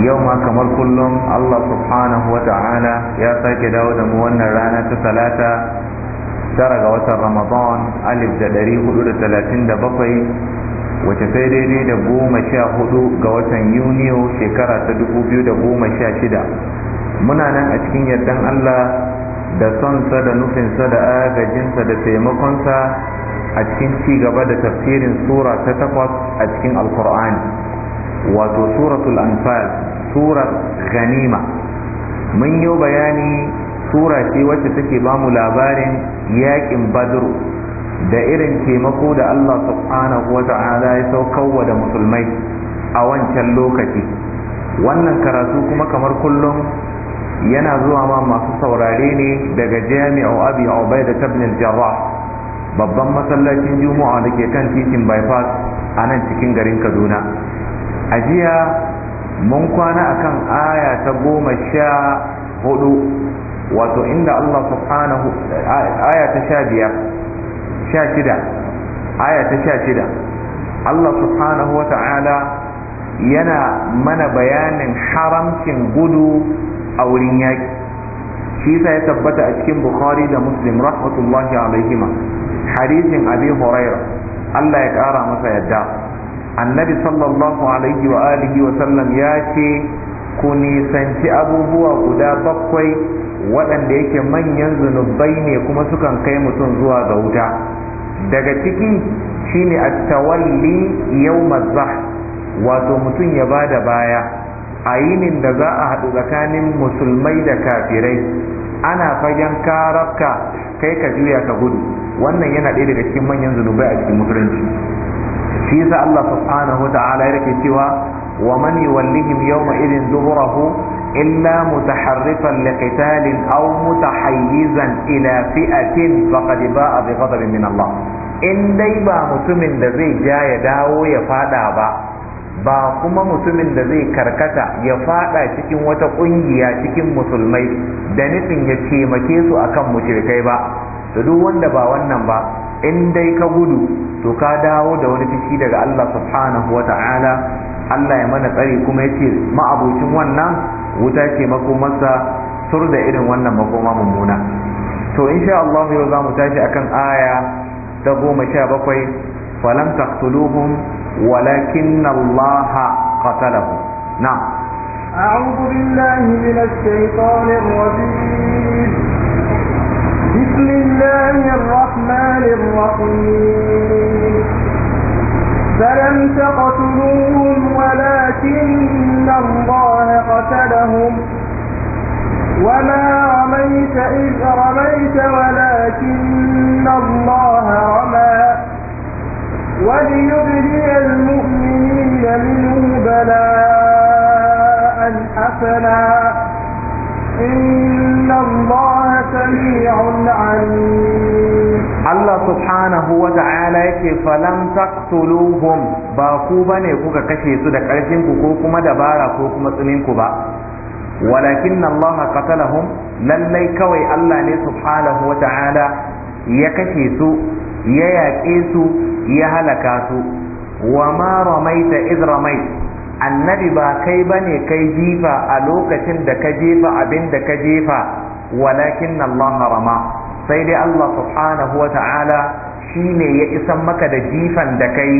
yau ma kamar kullum Allah subhanahu wa ta'ala ya sake dawo da mu wannan rana ta talata tara ga watan ramadan alif da ɗari hudu da talatin da bakwai wace sai daidai da goma sha hudu ga watan yuniyo shekara ta dubu biyu da goma sha shida muna nan a cikin yardan Allah da sonsa da nufinsa da agajinsa da taimakonsa a cikin ci gaba da tafsirin sura ta takwas a cikin alkur'ani wato suratul anfal surar ganima mun yi bayani sura ce wacce take ba mu labarin yakin badru da irin taimako da Allah subhanahu wata'ala ya saukarwa da musulmai a wancan lokaci wannan karatu kuma kamar kullum yana zuwa ma masu saurare ne daga jami'u abi ubaida da al-jarrah babban masallacin juma'a da ke kan titin bypass a nan cikin garin kaduna ajiya mun kwana akan aya ta goma sha hudu wato inda Allah subhanahu aya ta sha biyar sha shida aya ta sha shida Allah subhanahu wa ta'ala yana mana bayanin haramcin gudu a wurin yaƙi shi ya tabbata a cikin bukhari da muslim rahmatullahi alaihima hadisin abi huraira Allah ya ƙara masa yadda annabi sallallahu alaihi wa alihi wa sallam ya ce ku nisanci abubuwa guda bakwai waɗanda yake manyan zunubai ne kuma sukan kai mutum zuwa ga wuta daga ciki shine a tawalli yawmaz wato mutum ya ba da baya a yinin da za a haɗu tsakanin musulmai da kafirai ana fagen karabka kai ka juya ka gudu wannan yana ɗaya daga cikin manyan zunubai a cikin musulunci shi yasa Allah subhanahu ta'ala yake cewa wa man yuwallihim yawma idin duburahu illa mutaharrifan liqitalin aw mutahayyizan ila fi'atin faqad ba'a bi ghadabin min Allah in dai ba mutumin da zai ja ya dawo ya fada ba ba kuma mutumin da zai karkata ya fada cikin wata kungiya cikin musulmai da nufin ya taimake su akan mushrikai ba da duk wanda ba wannan ba in dai ka gudu to ka dawo da wani fushi daga Allah subhanahu wata'ala Allah ya mana tsari kuma ya ce ma'abucin wannan wuta ce makomarsa sur da irin wannan makoma mummuna to in sha Allah yau za mu tashi akan aya ta goma sha bakwai falam taqtuluhum walakin Allah qatalahu na'am أعوذ بالله من الشيطان الرجيم بسم الله الرحمن الرحيم فلم تقتلوهم ولكن الله قتلهم وما رميت إذ رميت ولكن الله رمى وليبلي المؤمنين منه بلاء حسنا allah الله سميع عليم yake falam taqtuluhum ba ku bane kuka kashe su da karfin ku ko kuma dabara ko kuma tsunin ku ba walakin Allah qatalahum lallai kawai Allah ne subhanahu wa ta'ala ya kashe su ya yaƙe su ya halaka su wa ma ramaita iz ramaita annabi ba kai bane kai jifa a lokacin da ka jefa abin da ka jefa walakin Allah rama sai dai Allah subhanahu wa ta'ala shine ya isan maka da jifan da kai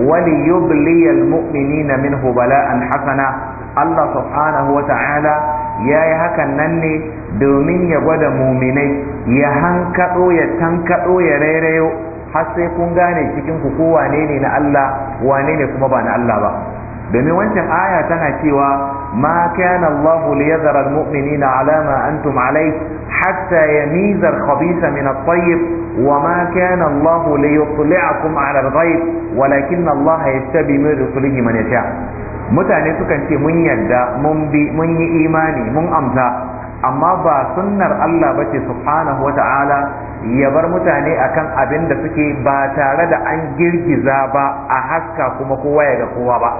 wali yubliyal mu'minina minhu bala'an hasana Allah subhanahu wa ta'ala ya yi hakan nan ne domin ya gwada muminai ya hankaɗo ya tankaɗo ya rairayo har sai kun gane cikin ku ko wane ne na Allah wane ne kuma ba na Allah ba domin wancan aya tana cewa ma kana Allah li yadhara almu'minina ala ma antum alayh hatta yamiza nizar min at-tayyib wa ma kana Allah li yutli'akum ala al-ghaib walakin Allah yastabi min rusulihi man yasha mutane sukan ce mun yarda mun bi mun yi imani mun amsa amma ba sunnar Allah bace subhanahu wata'ala ya bar mutane akan abin da suke ba tare da an girgiza ba a haska kuma kowa ya ga kowa ba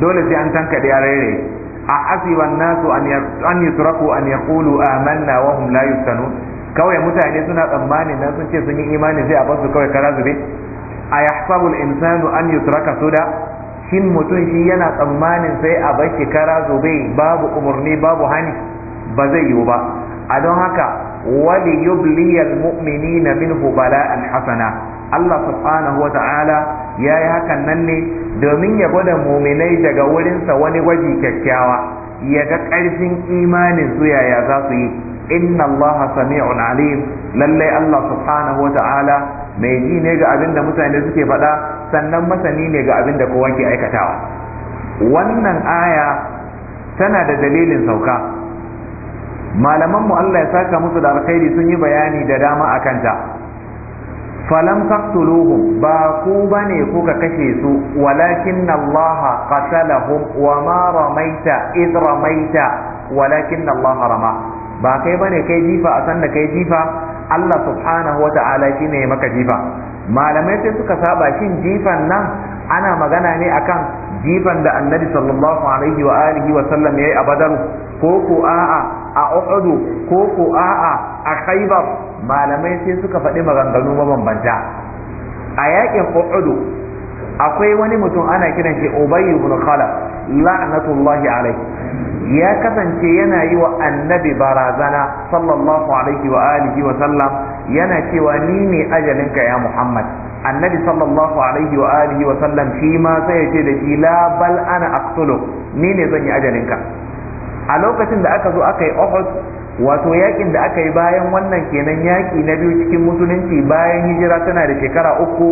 dole sai an tanka a yarare a asiban nasu an yusraku an yaqulu amanna wa hum la yuftanu kawai mutane suna tsammani na sun ce sun yi imani sai a basu kawai kara zube a yahsabu al-insanu an yusraka suda shin mutum shi yana tsammanin sai a bashi kara zube babu umarni babu hani ba zai yiwu ba a don haka wali yubliyal mu'minina minhu bala'an hasana Allah subhanahu wa ta'ala ya yi hakan nan ne domin ya gwada muminai daga wurinsa wani gwaji kyakkyawa ya ga ƙarfin imanin su yaya za su yi inna allaha sami'un alim lallai allah subhanahu wa ta'ala mai ji ne ga abin da mutane suke faɗa sannan masani ne ga abin da kowa ke aikatawa wannan aya tana da dalilin sauka malaman mu allah ya saka musu da alkhairi sun yi bayani da dama a kanta falam taqtuluhum ba ku bane kuka kashe su walakin Allah qatalahum wa ma ramaita id ramaita walakin Allah rama ba kai bane kai jifa a san kai jifa Allah subhanahu wata'ala shine maka jifa malamai sai suka saba shin jifan nan ana magana ne akan jifan da annabi sallallahu alaihi wa alihi wa sallam yayi a badaru ko ko a'a a uhudu ko ko a'a a khaibar malamai sai suka faɗi maganganu mabambanta a yakin uhudu akwai wani mutum ana kiran shi ubay ibn khalaf la'natullahi alayhi ya kasance yana yi wa annabi barazana sallallahu alaihi wa alihi wa sallam yana cewa ni ne ajalinka ya muhammad annabi sallallahu alaihi wa alihi wa sallam shi ma sai ya ce da shi la bal ana aqtulu ni ne zan yi ajalinka a lokacin da aka zo aka yi Uhud wato yakin da aka yi bayan wannan kenan yaki na biyu cikin musulunci bayan hijira tana da shekara uku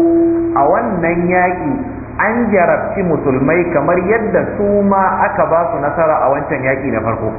a wannan yaki an jarabci musulmai kamar yadda su ma aka ba su nasara a wancan yaki na farko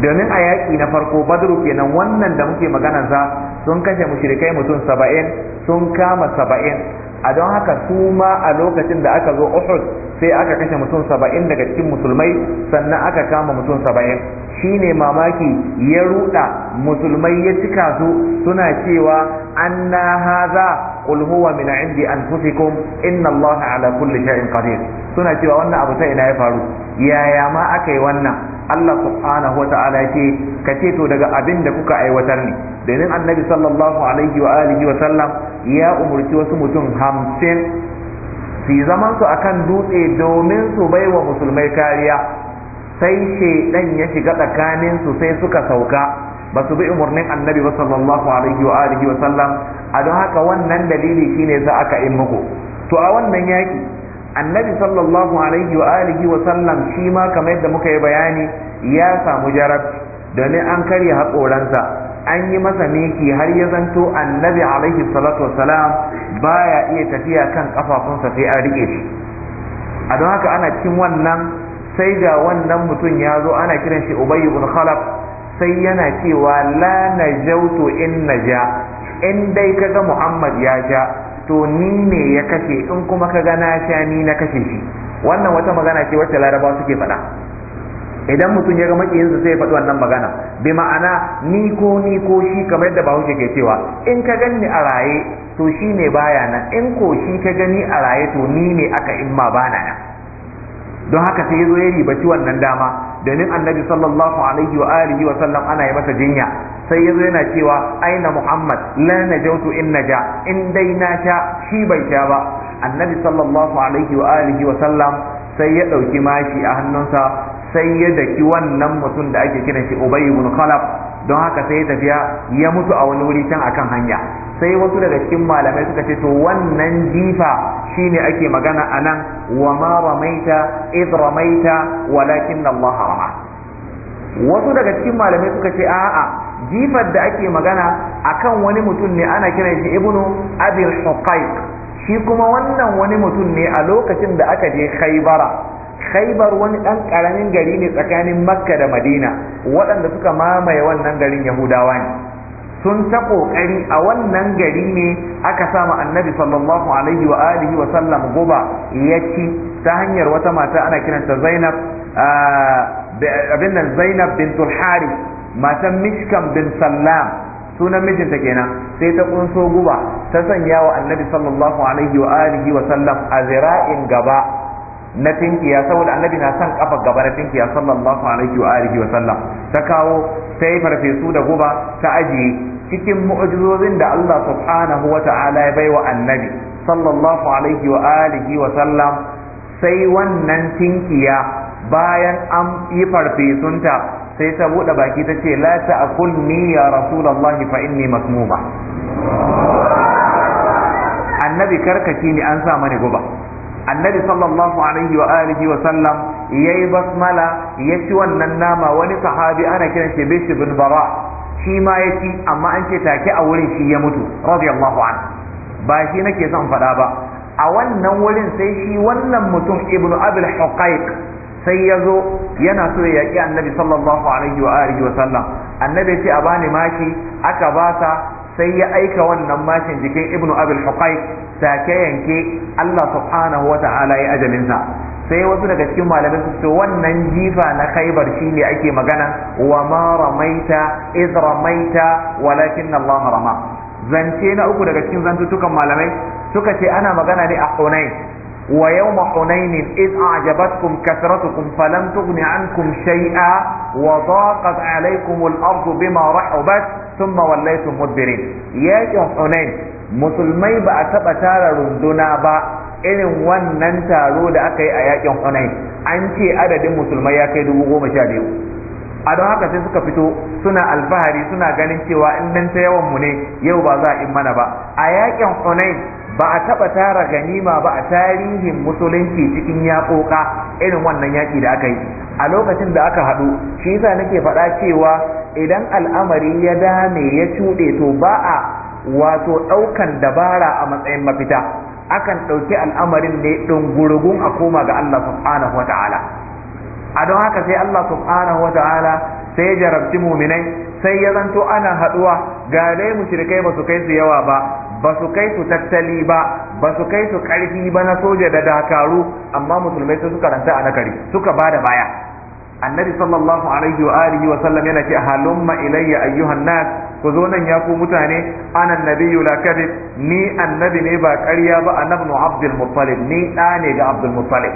domin a yaki na farko badru kenan wannan da muke maganarsa sun kashe mushirikai mutum saba'in sun kama saba'in a don haka su ma a lokacin da aka zo uhud sai aka kashe mutum saba'in daga cikin musulmai sannan aka kama mutum saba'in shine mamaki ya ruda musulmai ya cika su suna cewa anna haza qul huwa min indi anfusikum inna allaha ala kulli shay'in qadir suna cewa wannan abu ta ina ya faru yaya ma aka yi wannan Allah subhanahu wa ta'ala ce ka ce to daga abin da kuka aiwatar ne domin annabi sallallahu alaihi wa alihi wa sallam ya umurci wasu mutum hamsin su zaman su akan dutse domin su bai wa musulmai kariya sai shaidan ya shiga tsakaninsu sai suka sauka ba su bi umarnin annabi ba sallallahu alaihi wa alihi wa sallam a don haka wannan dalili shine sa aka yi muku to a wannan yaki annabi sallallahu alaihi wa alihi wa sallam shi ma kamar yadda muka yi bayani ya samu jarab. domin an karya haƙoransa an yi masa miki har ya zanto annabi alaihi salatu wasalam baya iya tafiya kan kafafunsa sai an rike shi a don haka ana cikin wannan sai ga wannan mutum ya zo ana kiran shi ubayy ibn khalaf sai yana cewa la najautu in naja in dai kaga muhammad ya ja to ni ne ya kashe in kuma kaga na sha ni na kashe shi wannan wata magana ce wacce larabawa suke faɗa idan mutum ya ga makiyinsa sai ya faɗi wannan magana bi ma'ana ni ko ni ko shi kamar yadda bahaushe ke cewa in ka ganni a raye to shi ne baya nan in ko shi ka gani a raye to ni ne aka in ma bana nan don haka sai ya zo ya ribaci wannan dama domin annabi sallallahu alaihi wa alihi wa sallam ana yi masa jinya sai ya zo yana cewa aina muhammad la najautu in naja in dai na sha shi bai sha ba annabi sallallahu alaihi wa alihi wa sallam sai ya ɗauki mashi a hannunsa sai ya daki wannan mutum da ake kiran shi ubay ibn khalaf don haka sai ya tafiya ya mutu a wani wuri can akan hanya sai wasu daga cikin malamai suka ce to wannan jifa shine ake magana anan wa ma ramaita id ramaita walakin Allah rama wasu daga cikin malamai suka ce a'a jifar da ake magana akan wani mutum ne ana kiran shi ibnu abil shi kuma wannan wani mutum ne a lokacin da aka je khaybara khaibar wani ɗan ƙaramin gari ne tsakanin makka da madina waɗanda suka mamaye wannan garin yahudawa ne sun ta ƙoƙari a wannan gari ne aka sama annabi sallallahu alaihi wa alihi wa sallam guba ya ta hanyar wata mata ana kiranta zainab abin zainab matan mishkan bin sallam sunan mijinta kenan sai ta kunso guba ta sanya wa annabi sallallahu alaihi wa alihi wa sallam a zira'in gaba na tinkiya saboda annabi na san kafa gaba na tinkiya sallallahu alaihi wa alihi wa sallam ta kawo sai farfesu da guba ta ajiye cikin mu'jizozin da Allah subhanahu wa ta'ala ya baiwa annabi sallallahu alaihi wa alihi wa sallam sai wannan tinkiya bayan an yi farfesunta sai ta buɗe baki ta ce la ta'kulni ya rasulullahi fa inni masmuma annabi karkaci ni an sa mani guba annabi sallallahu alaihi wa alihi wa sallam yayi basmala ya ci wannan nama wani sahabi ana kiran shi Bishr bin Bara shi ma ya ci amma an ce take a wurin shi ya mutu radiyallahu anhu ba shi nake son faɗa ba a wannan wurin sai shi wannan mutum ibnu abul huqaiq sai ya zo yana so ya yaƙi annabi sallallahu alaihi wa alihi wa sallam annabi ce a bani maki aka ba sai ya aika wannan mashin jikin ibnu abul huqai sake yanke Allah subhanahu wa ta'ala ya ajalinsa sai wasu daga cikin malamai su ce wannan jifa na khaibar ne ake magana wa ma ramaita iz ramaita walakin Allah rama zance na uku daga cikin zantutukan malamai suka ce ana magana ne a Hunain ويوم حنين إذ أعجبتكم كثرتكم فلم تغن عنكم شيئا وضاقت عليكم الأرض بما رحبت ثم وليتم مدبرين يا حنين musulmai ba a taɓa tara runduna ba irin wannan taro da aka yi a yaƙin hunain an ce adadin musulmai ya kai dubu goma sha biyu a don haka sai suka fito suna alfahari suna ganin cewa in dan ta yawan mu ne yau ba za a in mana ba a yakin hunain ba a taɓa tara ganima ba a tarihin musulunci cikin yaƙoƙa irin wannan yaki da aka yi a lokacin da aka haɗu shi yasa nake faɗa cewa idan al'amari ya dame ya cuɗe to ba a wato ɗaukan dabara a matsayin mafita akan ɗauki al'amarin ne ɗungurgun a koma ga Allah subhanahu wa ta'ala a don haka sai Allah subhanahu wa ta'ala sai ya jarabci muminai sai ya zanto ana haɗuwa ga dai mushrikai ba su kai su yawa ba ba su kai su tattali ba ba su kai su karfi ba na soja da dakaru amma musulmai sun suka ranta a nakari suka ba da baya annabi sallallahu alaihi wa alihi wa sallam yana ce halumma ilayya ayyuhan nas ku zo nan ya ku mutane ana nabiyyu la kadib ni annabi ne ba ƙarya ba annabi abdul muttalib ni da ne ga abdul muttalib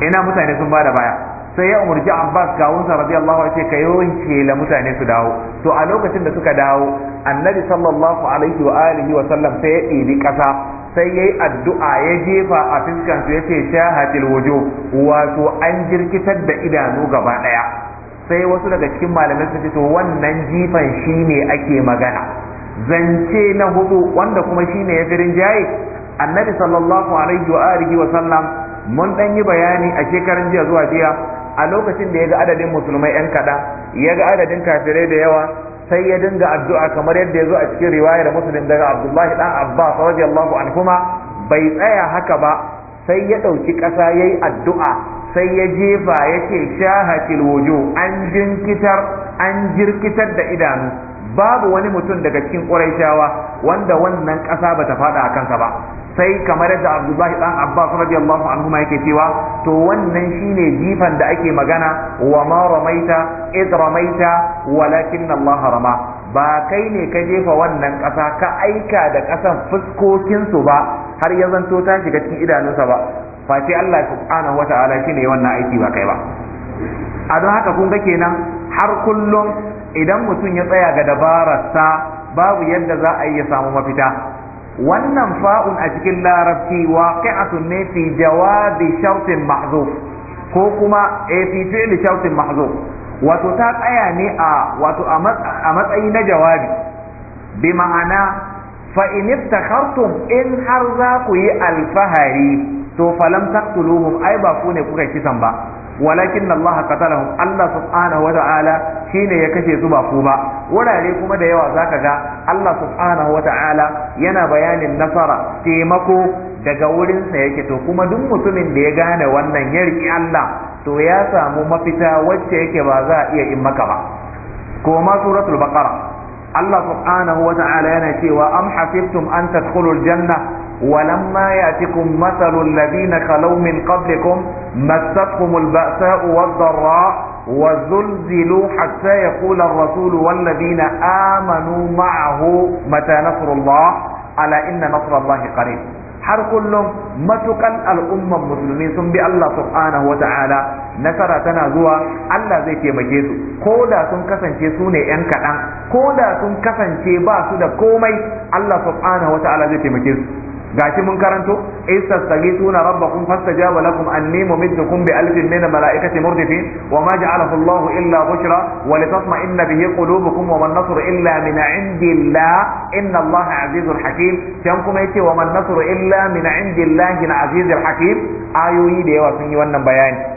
ina mutane sun ba da baya sai ya umarci abbas kawunsa radiyallahu ce ka yawanke la mutane su dawo to a lokacin da suka dawo annabi sallallahu alaihi wa alihi wa sallam sai ya ɗibi ƙasa sai ya yi addu'a ya jefa a fiskan su yace shahatil wujuh wato an jirkitar da idanu gaba ɗaya, sai wasu daga cikin malamai su ce to wannan jifan shine ake magana zance na hudu wanda kuma shine ya firin jaye annabi sallallahu alaihi wa alihi wa sallam mun dan yi bayani a shekaran jiya zuwa jiya a lokacin da ya ga adadin musulmai 'yan kaɗan ya ga adadin kafirai da yawa sai ya dinga addu'a kamar yadda ya zo a cikin riwayar musulun daga abdullahi dan abbas radiyallahu ma bai tsaya haka ba sai ya ɗauki ƙasa ya yi addu'a sai ya jefa ya ce shahatil wujo an jinkitar an jirkitar da idanu babu wani mutum daga cikin ƙuraishawa wanda wannan ƙasa ba ta faɗa a kansa ba sai kamar yadda abdullahi dan abbas radiyallahu anhu ma yake cewa to wannan shine jifan da ake magana wa ma ramaita id ramaita walakin allah rama ba kai ne ka jefa wannan kasa ka aika da ƙasan fuskokinsu ba har ya zanto ta shiga cikin idanunsa ba face allah subhanahu wata'ala shine wannan aiki ba kai ba a don haka kun ga kenan har kullum idan mutum ya tsaya ga dabararsa babu yadda za a yi ya samu mafita wannan fa'un a cikin larabci waqi'atun ne fi jawabi shartin mahzuf ko kuma a eh, fi fi'li shartin mahzuf wato ta tsaya ne a wato a matsayi na jawabi bi ma'ana fa in in har za ku yi alfahari to falam taqtuluhum ai ba ku ne kuka kisan ba walakin Allah qatalahum Allah subhanahu wata'ala shine ya kashe su ba ku ba wurare kuma da yawa zaka ga Allah subhanahu wata'ala yana bayanin nasara taimako daga wurinsa yake to kuma duk mutumin da ya gane wannan ya Allah to ya samu mafita wacce yake ba za a iya in maka ba koma suratul baqara Allah subhanahu wata'ala yana cewa am hasibtum an tadkhulul janna ولما يأتكم مثل الذين خلوا من قبلكم مستهم البأساء والضراء وزلزلوا حتى يقول الرسول والذين آمنوا معه متى نصر الله ألا إن نصر الله قريب har kullum matukan al'umman musulmi sun bi Allah subhanahu wa ta'ala nasara tana zuwa Allah zai taimake su ko da sun kasance su ne ‘yan kaɗan ko da sun kasance ba su da komai Allah subhanahu wa ta'ala zai taimake su gashi mun karanto istastaghithuna rabbakum fastajaba lakum anni mumiddukum bi alfin min malaikati murtifi wa ma ja'alahu Allahu illa bushra wa litatma'inna bihi qulubukum wa man nasuru illa min 'indillah inna Allaha 'azizun hakim can kuma yace wa man illa min 'indillahi al azizul hakim ayoyi da yawa sun yi wannan bayani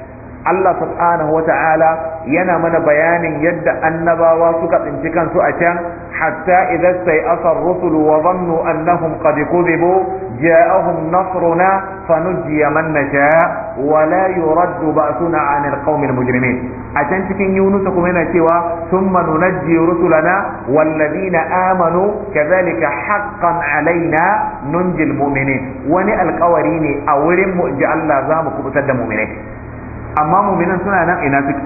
Allah subhanahu wa ta'ala yana mana bayanin yadda annabawa suka tsinci kansu a can hatta idza sayasa ar-rusul wa dhannu annahum qad kudhibu ja'ahum nasruna fanujjiya man nasha wa la yuraddu ba'suna 'an al-qaumil mujrimin a can cikin Yunus kuma yana cewa thumma nunajji rusulana wal ladina amanu kadhalika haqqan 'alaina nunjil mu'minin wani alƙawari ne a wurin mu ji Allah za mu kubutar da mu'minai amma muminan suna nan ina suke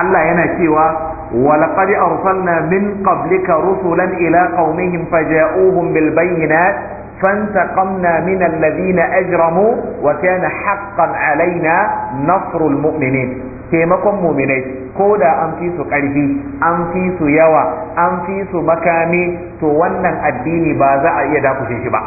Allah yana cewa walaqad arsalna min qablika rusulan ila qaumihim faja'uuhum bil bayyinat فانتقمنا من الذين اجرموا وكان حقا علينا نصر المؤمنين taimakon muminai ko da an fi su ƙarfi an fi su yawa an fi su makami to wannan addini ba za a iya dakushe shi ba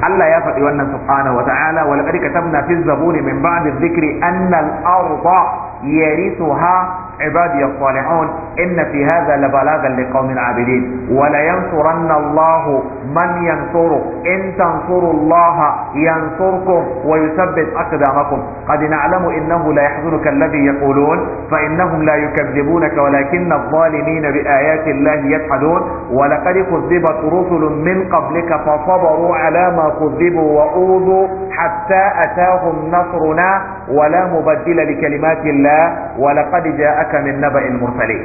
Allah ya faɗi wannan subhanahu wa ta'ala wa laqad katabna fi zaburi min ba'di dhikri anna al-arda yarisuha عبادي الصالحون إن في هذا لبلاغا لقوم عابدين ولينصرن الله من ينصره إن تنصروا الله ينصركم ويثبت أقدامكم قد نعلم إنه لا يحزنك الذي يقولون فإنهم لا يكذبونك ولكن الظالمين بآيات الله يجحدون ولقد كذبت رسل من قبلك فصبروا على ما كذبوا وأوذوا حتى أتاهم نصرنا ولا مبدل لكلمات الله ولقد جاءت ja'aka min naba'il mursalin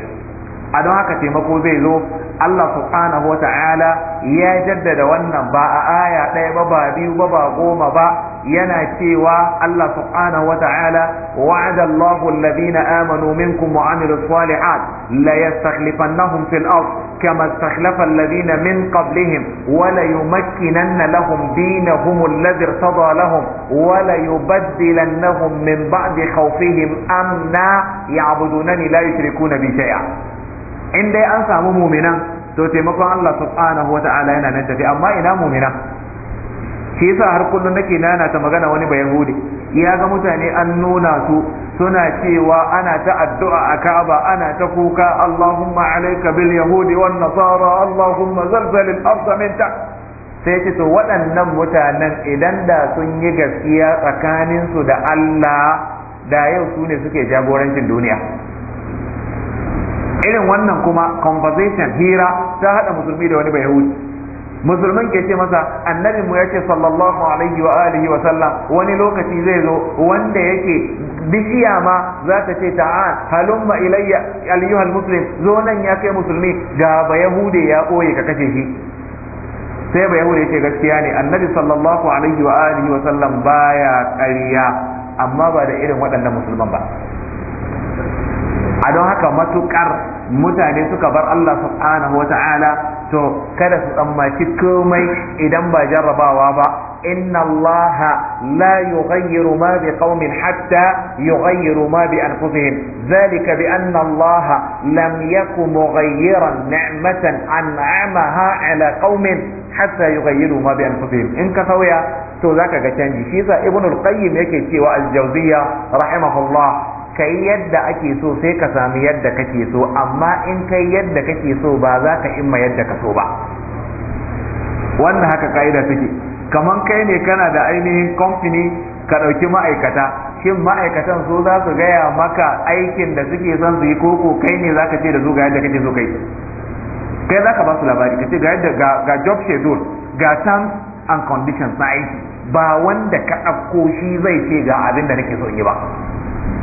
a don haka taimako zai zo Allah subhanahu wa ta'ala ya jaddada wannan ba a aya ɗaya ba ba biyu ba ba goma ba yana cewa Allah subhanahu wa ta'ala wa'ada Allahu alladhina amanu minkum wa amilus salihat ليستخلفنهم في الأرض كما استخلف الذين من قبلهم وليمكنن لهم دينهم الذي ارتضى لهم وليبدلنهم من بعد خوفهم أمنا يعبدونني لا يشركون بي شيئا in dai an samu mumina to taimakon Allah subhanahu wa ta'ala yana nan tafi amma ina mumina shi yasa har kullun nake nana ta magana wani ba yahudi ya ga mutane an nuna su suna cewa ana ta addu'a a Ka'aba ana ta kuka Allahumma alayka bil yahudi wan nasara Allahumma zalzal al ardh min ta sai ce to waɗannan mutanen idan da sun yi gaskiya tsakanin su da Allah da yau su ne suke jagorancin duniya irin wannan kuma conversation hira ta hada musulmi da wani bai musulman ke ce masa annabin mu yace sallallahu alaihi wa alihi wa sallam wani lokaci zai zo wanda yake bishiya ma za ta ce ta'al ah, halumma ilayya ayyuhal muslim zo nan ya kai musulmi ga ba yahude ya koye ka kace shi sai ba yahude ce gaskiya ne annabi sallallahu alaihi wa alihi wa sallam baya ƙarya amma ba da irin waɗannan musulman ba a don haka matukar mutane suka bar Allah subhanahu wa ta'ala to kada su tsammaci komai idan ba jarrabawa ba inna Allah la yughayyiru ma bi qaumin hatta yughayyiru ma bi anfusihim zalika bi anna Allah lam yakun mughayyiran ni'matan an'amaha ala qaumin hatta yughayyiru ma bi anfusihim in ka sauya to zaka ga canji shi yasa ibnul qayyim yake cewa al-jawziyya rahimahullah kai yadda ake so sai ka sami yadda kake so amma in kai yadda kake so ba za ka imma yadda ka so ba wannan haka ka'ida take kaman kai ne kana da ainihin kamfani ka ɗauki ma'aikata shin ma'aikatan so za su gaya maka aikin da suke son su yi koko kai ne za ka ce da zo ga yadda kake so kai kai za ka ba su labari ka ce ga yadda ga job schedule ga terms and conditions na aiki ba wanda ka ɗauko shi zai ce ga abin da nake so yi ba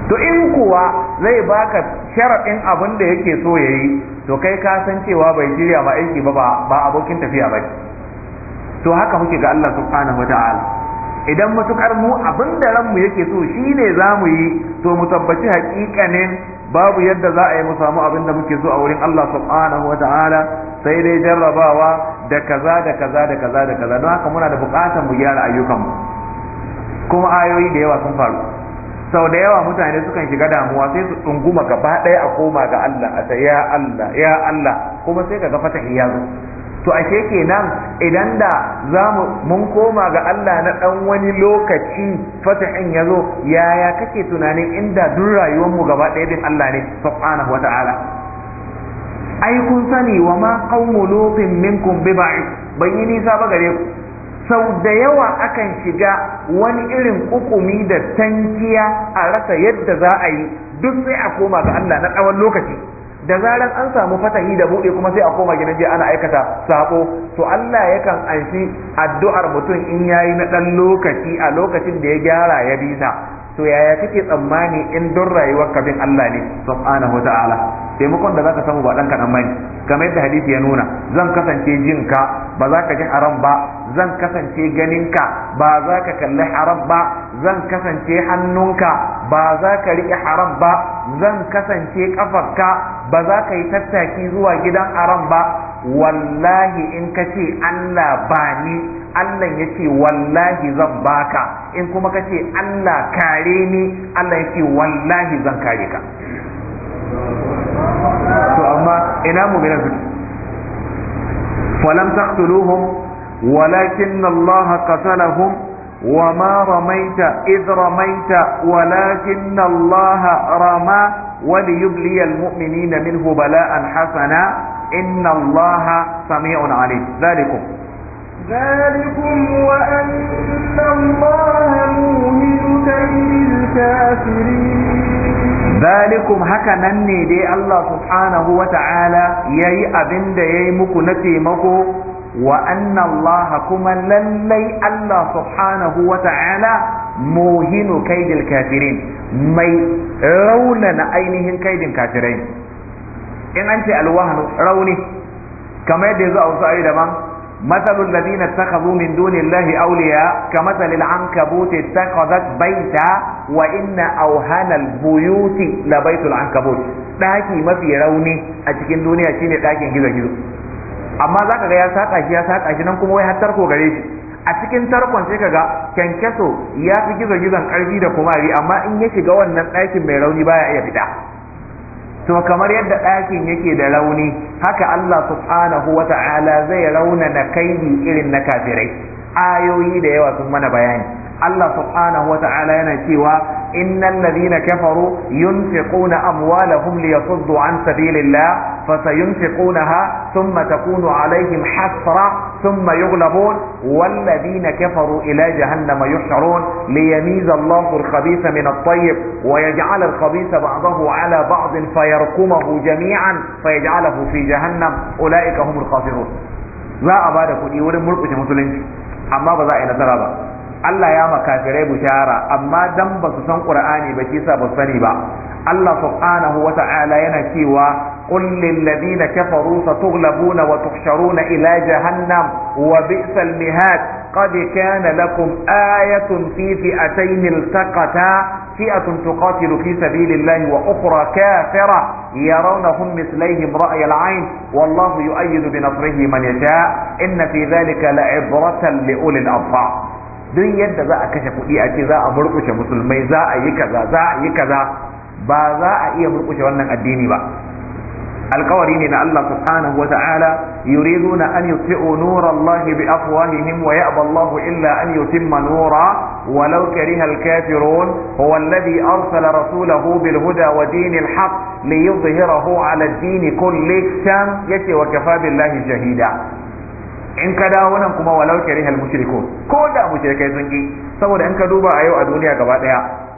to in kuwa zai baka sharaɗin abin da yake so ya yi to kai ka san cewa bai shirya ba aiki ba ba abokin tafiya ba to haka muke ga Allah subhanahu wa ta'ala idan matukar mu abin da ranmu yake so shi ne za mu yi to mu tabbaci hakikanin babu yadda za a yi mu samu abin da muke so a wurin Allah subhanahu wa ta'ala sai dai jarrabawa da kaza da kaza da kaza da kaza don haka muna da bukatar mu gyara ayyukanmu kuma ayoyi da yawa sun faru sau da yawa mutane sukan shiga damuwa sai su tsunguma gaba ɗaya a koma ga Allah a ta ya Allah ya Allah kuma sai kaga fata ya zo to ashe kenan idan da za mu mun koma ga Allah na ɗan wani lokaci fatahin ya zo yaya kake tunanin inda duk rayuwarmu gaba ɗaya din Allah ne subhanahu wata'ala ai kun sani wa ma qaumu lutin minkum bi ba'id ban yi nisa ba gare ku sau da yawa akan shiga wani irin kukumi da tankiya a rasa yadda za a yi duk sai a koma ga Allah na tsawon lokaci da zarar an samu fatahi da buɗe kuma sai a koma gidan je ana aikata saɓo to Allah yakan ansi addu'ar mutum in yayi na ɗan lokaci a lokacin da ya gyara ya bisa. to yaya kake tsammani in don rayuwar bin Allah ne subhanahu wa ta'ala taimakon da zaka samu ba dan kaɗan mai kamar yadda hadisi ya nuna zan kasance jinka. ba za ka ji haram ba zan kasance ganinka ba za ka kalli haram ba zan kasance hannunka ba za ka riƙe haram ba zan kasance ƙafarka ba za ka yi tattaki zuwa gidan haram ba wallahi in ka ce Allah ba ni Allah ya ce wallahi zan baka in kuma ka ce Allah kare ni Allah ya ce wallahi zan kare ka to amma ina mu mina falam taqtuluhum ولكن الله قتلهم وما رميت إذ رميت ولكن الله رمى وليبلي المؤمنين منه بلاء حسنا إن الله سميع عليم ذلكم ذلكم وأن الله مؤمن كيد الكافرين ذلكم هكا نني دي الله سبحانه وتعالى يي أبن دي yi abin wa anna kuma lallai Allah subhanahu wa ta'ala muhinu kaidil kafirin mai raunana ainihin kaidin kafirai in an ce alwahanu rauni kamar yadda yazo a wasu ayoyi daban مثل الذين اتخذوا من دون الله أولياء كمثل العنكبوت اتخذت بيتا وإن أوهان البيوت لبيت العنكبوت ɗaki mafi rauni a cikin duniya shine ɗakin gizo-gizo amma za ka ga ya saƙa shi ya saƙa shi nan kuma wai har tarko gare shi a cikin tarkon sai ka ga kyankyaso ya fi gizo gizon ƙarfi da kumari amma in ya shiga wannan ɗakin mai rauni baya iya fita to kamar yadda ɗakin yake da rauni haka Allah subhanahu wa ta'ala zai na kaini irin na kafirai ayoyi da yawa sun mana bayani Allah subhanahu wa ta'ala yana cewa innal ladhina kafaru yunfiquna amwalahum liyasuddu an sabilillah فسينفقونها ثم تكون عليهم حسرة ثم يغلبون والذين كفروا إلى جهنم يحشرون ليميز الله الخبيث من الطيب ويجعل الخبيث بعضه على بعض فيركمه جميعا فيجعله في جهنم أولئك هم الخاسرون za a bada kuɗi wurin murƙushe musulunci amma ba za a yi nasara ba Allah ya makafirai bushara amma dan ba su san Qur'ani ba shi sa ba sani ba Allah subhanahu wata'ala yana cewa قل للذين كفروا ستغلبون وتحشرون إلى جهنم وبئس المهاد قد كان لكم آية في فئتين التقتا فئة تقاتل في سبيل الله وأخرى كافرة يرونهم مثليهم رأي العين والله يؤيد بنصره من يشاء إن في ذلك لعبرة لأولي الأبصار duk yadda za a kashe kuɗi a ce za a murƙushe musulmai za a yi kaza za a yi kaza ba za a iya murƙushe wannan addini ba alkawari ne na Allah subhanahu wa ta'ala yuriduna an yuti'u nura Allah bi afwahihim wa ya Allah illa an yutimma nura walau kari al-kafirun arsala rasulahu bil huda wa dinil haqq liyudhhirahu ala ad-din kulli sham yace wa kafa billahi shahida in ka dawo nan kuma walau kariha al ko da mushrikai sun ki saboda in ka duba a yau a duniya gaba daya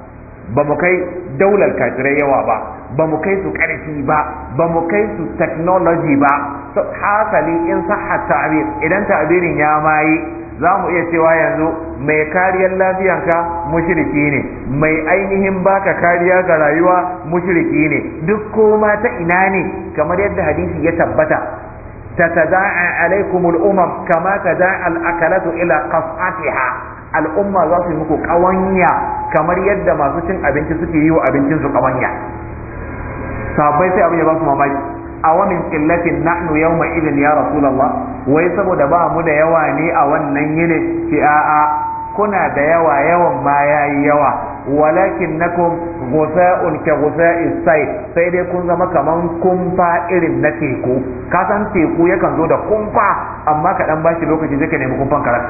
ba mu kai daular kafirai yawa ba ba mu kai su ƙarfi ba ba mu kai su technology ba hasali in sahar ta'abir idan ta'birin ya mayi za mu iya cewa yanzu mai kariyar lafiyanka mushriki ne mai ainihin baka kariya ga rayuwa mushriki ne duk koma ta ina ne kamar yadda hadisi ya tabbata za'a alaikumul umam kama ta za'a al'akalatu ila qas'atiha al'umma za su yi muku ƙawanya kamar yadda masu cin abinci suke yi wa abincinsu ƙawanya sabai sai abin ya ba su mamaki a wani na'nu yau yawma idin ya rasulullah wai saboda ba mu da yawa ne a wannan yini a'a kuna da yawa yawan ma yayi yawa walakin nakum ghusa'un ka ghusa'is sayl sai dai kun zama kamar kumfa irin na teku Kasan teku yakan zo da kumfa amma kaɗan dan bashi lokaci zai ka nemi kumfan karas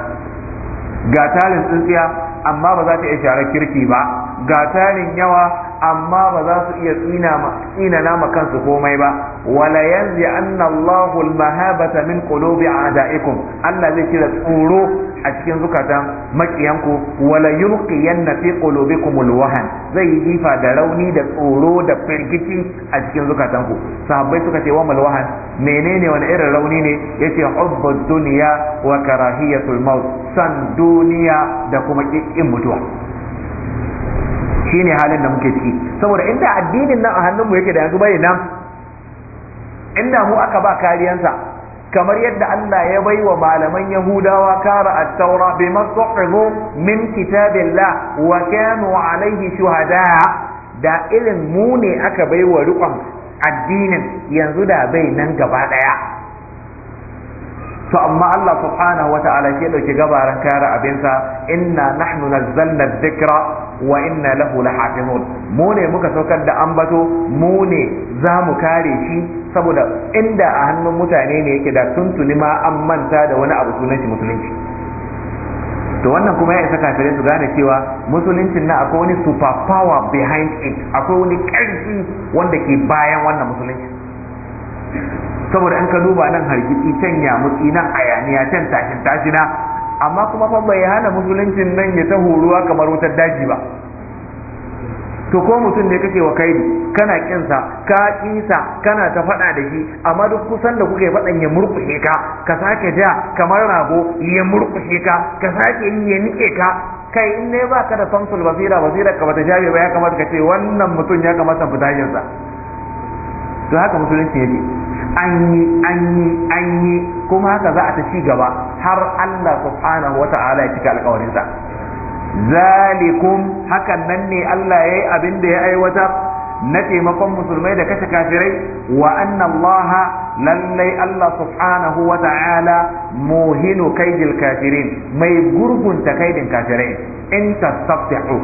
ga tarin tsintsiya amma ba za ta iya share kirki ba ga tarin yawa amma ba za su iya tsina nama kansu komai ba wala yanzu annallahu almahabata min qulubi a'daikum Allah zai kira tsoro a cikin zukatan makiyanku wala yulqiyanna fi qulubikumul wahan zai yi jifa da rauni da tsoro da firgici a cikin zukatanku sahabbai suka ce wa wahan menene wani irin rauni ne yace hubbud dunya wa karahiyatul maut san duniya da kuma kin mutuwa shine halin da muke ciki saboda inda addinin nan a hannunmu yake da yanzu bai nan inda mu aka ba kariyansa kamar yadda Allah ya bai wa malaman Yahudawa kara at-taura bima suhrizu min kitabillah wa kanu alaihi shuhada da irin mu ne aka bai wa riƙon addinin yanzu da bai nan gaba ɗaya to amma Allah subhanahu wa ta'ala ke dauki gabaran kayar abinsa inna nahnu nazzalna dhikra wa inna lahu lahafizun mu ne muka saukar da ambato mu ne za mu kare shi saboda inda a hannun mutane ne yake da tuntuni ma an manta da wani abu sunan shi musulunci to wannan kuma ya isa kafirai su gane cewa musuluncin na akwai wani super power behind it akwai wani ƙarfi wanda ke bayan wannan musulunci saboda in ka duba nan hargitsi can ya mutsi nan ayaniya can tashin tashina amma kuma fa bai hana musuluncin nan ya ta horuwa kamar wutar daji ba to ko mutum ne kake wa kaidi kana kinsa ka kisa kana ta faɗa da shi amma duk kusan da kuke faɗan ya murkushe ka ka sake ja kamar rago ya murkushe ka ka sake yi ya nike ka kai in ne ba ka da samsul basira basira ka bata jabe ba ya kamata ka ce wannan mutum ya kamata fita to haka musulunci yake an yi an yi an yi kuma haka za a ta ci gaba har Allah subhanahu wa ta'ala ya cika alƙawarinsa zalikum hakan nan ne Allah ya yi abin da ya aiwatar na taimakon musulmai da kashe kafirai wa anna Allah lallai Allah subhanahu wa ta'ala muhinu kaidil kafirin mai gurgunta kaidin kafirai in tastaftihu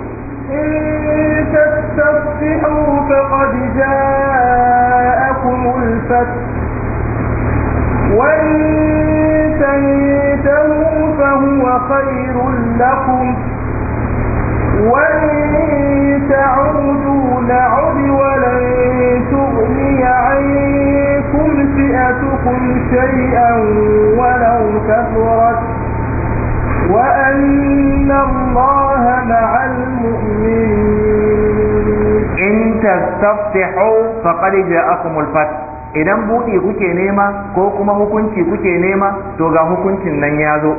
إن تستفتحوا فقد جاءكم الفتح وإن تنتهوا فهو خير لكم وإن تعودوا نعد ولن تغني عنكم فئتكم شيئا ولو كثرت وأن الله مع المؤمنين إن تستفتحوا فقد جاءكم الفتح idan buɗi kuke nema ko kuma hukunci kuke nema to ga hukuncin nan ya zo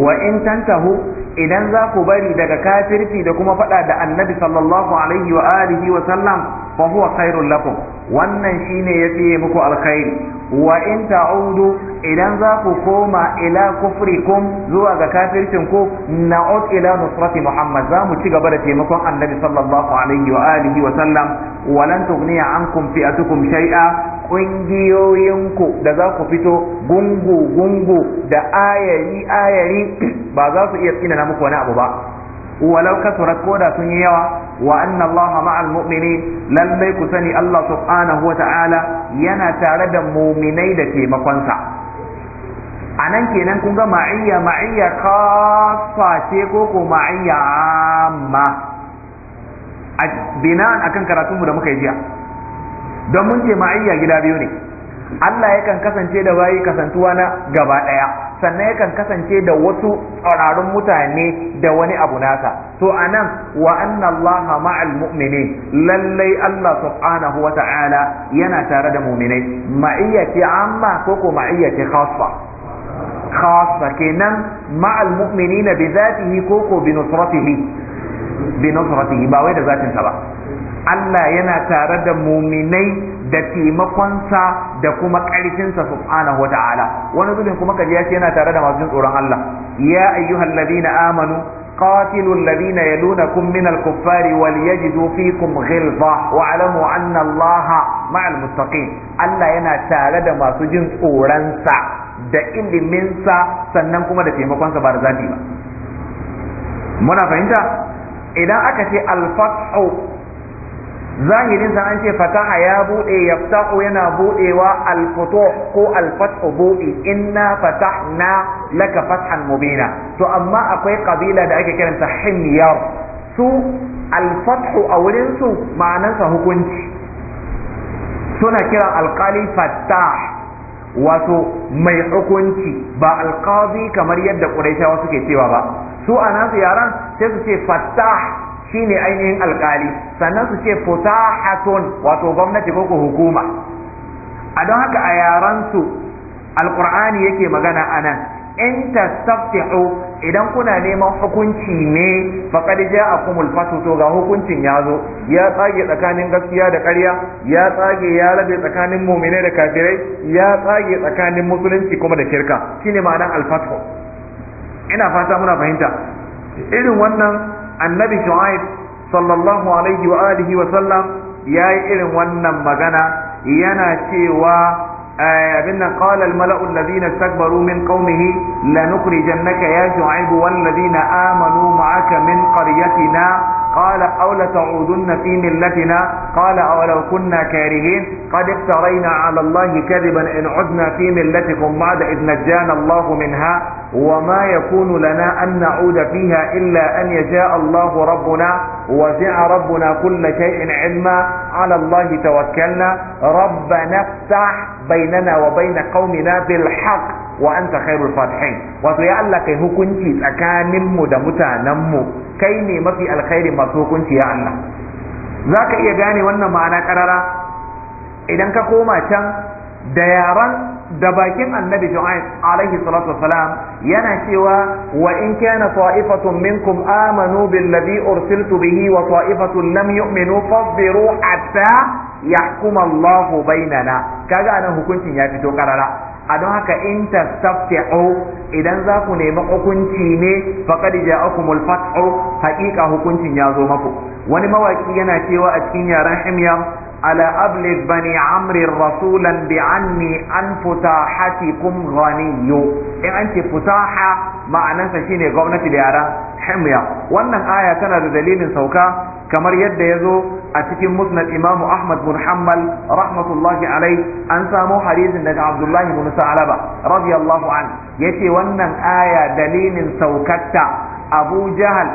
wa in tantahu idan za ku bari daga kafirci da kuma faɗa da annabi sallallahu alaihi wa alihi wa sallam fa huwa khairul lakum wannan shine ya fiye muku alkhairi wa in ta'udu idan za ku koma ila kufrikum zuwa ga kafircin ku na'ud ila nusrati muhammad za mu ci gaba da taimakon annabi sallallahu alaihi wa alihi wa sallam wa lan tughniya ankum fi'atukum shay'a ƙungiyoyinku da za ku fito gungu gungu da ayari ayari ba za su iya tsinana muku wani abu ba walau kasurat ko da sun yi yawa wa anna Allah ma'al mumini lallai ku sani Allah subhanahu wa ta'ala yana tare da muminai da taimakonsa a nan kenan kun ga ma'iyya ma'iyya khassa ce ko ko ma'iyya amma a bina'an akan karatunmu da muka yi jiya don mun ce ma'iyya gida biyu ne Allah yakan kasance da bayi kasantuwa na gaba ɗaya sannan yakan kasance da wasu tsararun mutane da wani abu nasa to anan wa anna allaha ma'al mu'minin lallai Allah subhanahu wa ta'ala yana tare da mu'minai ma'iyyati amma ko ko ma'iyyati khassa khassa kenan ma'al mu'minina bi zatihi ko ko bi nusratihi bi nusratihi ba wai da zatin ba Allah yana tare da muminai da taimakonsa da kuma ƙarfinsa subhanahu wata'ala wani zubin kuma kaji ya ce yana tare da masu jin tsoron Allah ya ayyuhal ladina amanu قاتلوا الذين يلونكم من الكفار وليجدوا فيكم غلظة واعلموا أن الله مع المتقين ألا ينا تارد ما سجن أورانسا da iliminsa sannan kuma da taimakonsa ba da zafi ba muna fahimta idan aka ce alfat'u zahirin sa an ce fataha ya bude yaftahu yana budewa al ko al-fathu budi inna fatahna laka fathan mubina to amma akwai kabila da ake kiranta himyar su alfathu a wurin su ma'anansa hukunci suna kiran alkali fatah wato mai hukunci ba alkazi kamar yadda ƙuraishawa suke cewa ba su a nasu yaran sai su ce fattah shine ainihin alkali sannan su ce futahatun wato gwamnati ko hukuma a don haka a yaran su alkur'ani yake magana anan in tastaftihu idan kuna neman hukunci ne faqad ja'akumul fatu to ga hukuncin yazo ya tsage tsakanin gaskiya da ƙarya ya tsage ya rabe tsakanin mu'mine da kafirai ya tsage tsakanin musulunci kuma da shirka shine ma'anar al fatu ina fata muna fahimta irin wannan annabi shu'aib sallallahu alaihi wa alihi wa sallam ya yi irin wannan magana yana cewa abin nan qala al mala'u alladhina istakbaru min qaumihi lanukhrijannaka ya shu'aib wal ladina amanu ma'aka min qaryatina قال أو لتعودن في ملتنا قال أولو كنا كارهين قد افترينا على الله كذبا إن عدنا في ملتكم بعد إذ نجانا الله منها وما يكون لنا أن نعود فيها إلا أن يشاء الله ربنا وسع ربنا كل شيء علما على الله توكلنا ربنا افتح بيننا وبين قومنا بالحق wa anta khairul fatihin wato ya Allah kai hukunci tsakanin mu da mutanen mu kai ne mafi alkhairi masu hukunci ya Allah zaka iya gane wannan ma'ana karara idan ka koma can da yaran da bakin annabi Shu'aib alaihi salatu wassalam yana cewa wa in kana ta'ifatun minkum amanu billadhi ursiltu bihi wa ta'ifatun lam yu'minu fasbiru hatta yahkuma Allahu bainana kaga anan hukuncin ya fito karara a don haka in tastaftihu idan za ku nemi hukunci ne faqad ja'akumul fathu haqiqa hukuncin ya zo maku wani mawaki yana cewa a cikin yaren himya ala ablig bani amri rasulan bi anni an futahatikum ghaniyu in an ce futaha ma'anarsa shine gwamnati da yaren himya wannan aya tana da dalilin sauka kamar yadda ya zo a cikin musnad imamu ahmad bin hammal rahmatullahi alai an samo hadisin daga abdullahi bin salaba radiyallahu an yace wannan aya dalilin saukatta abu jahal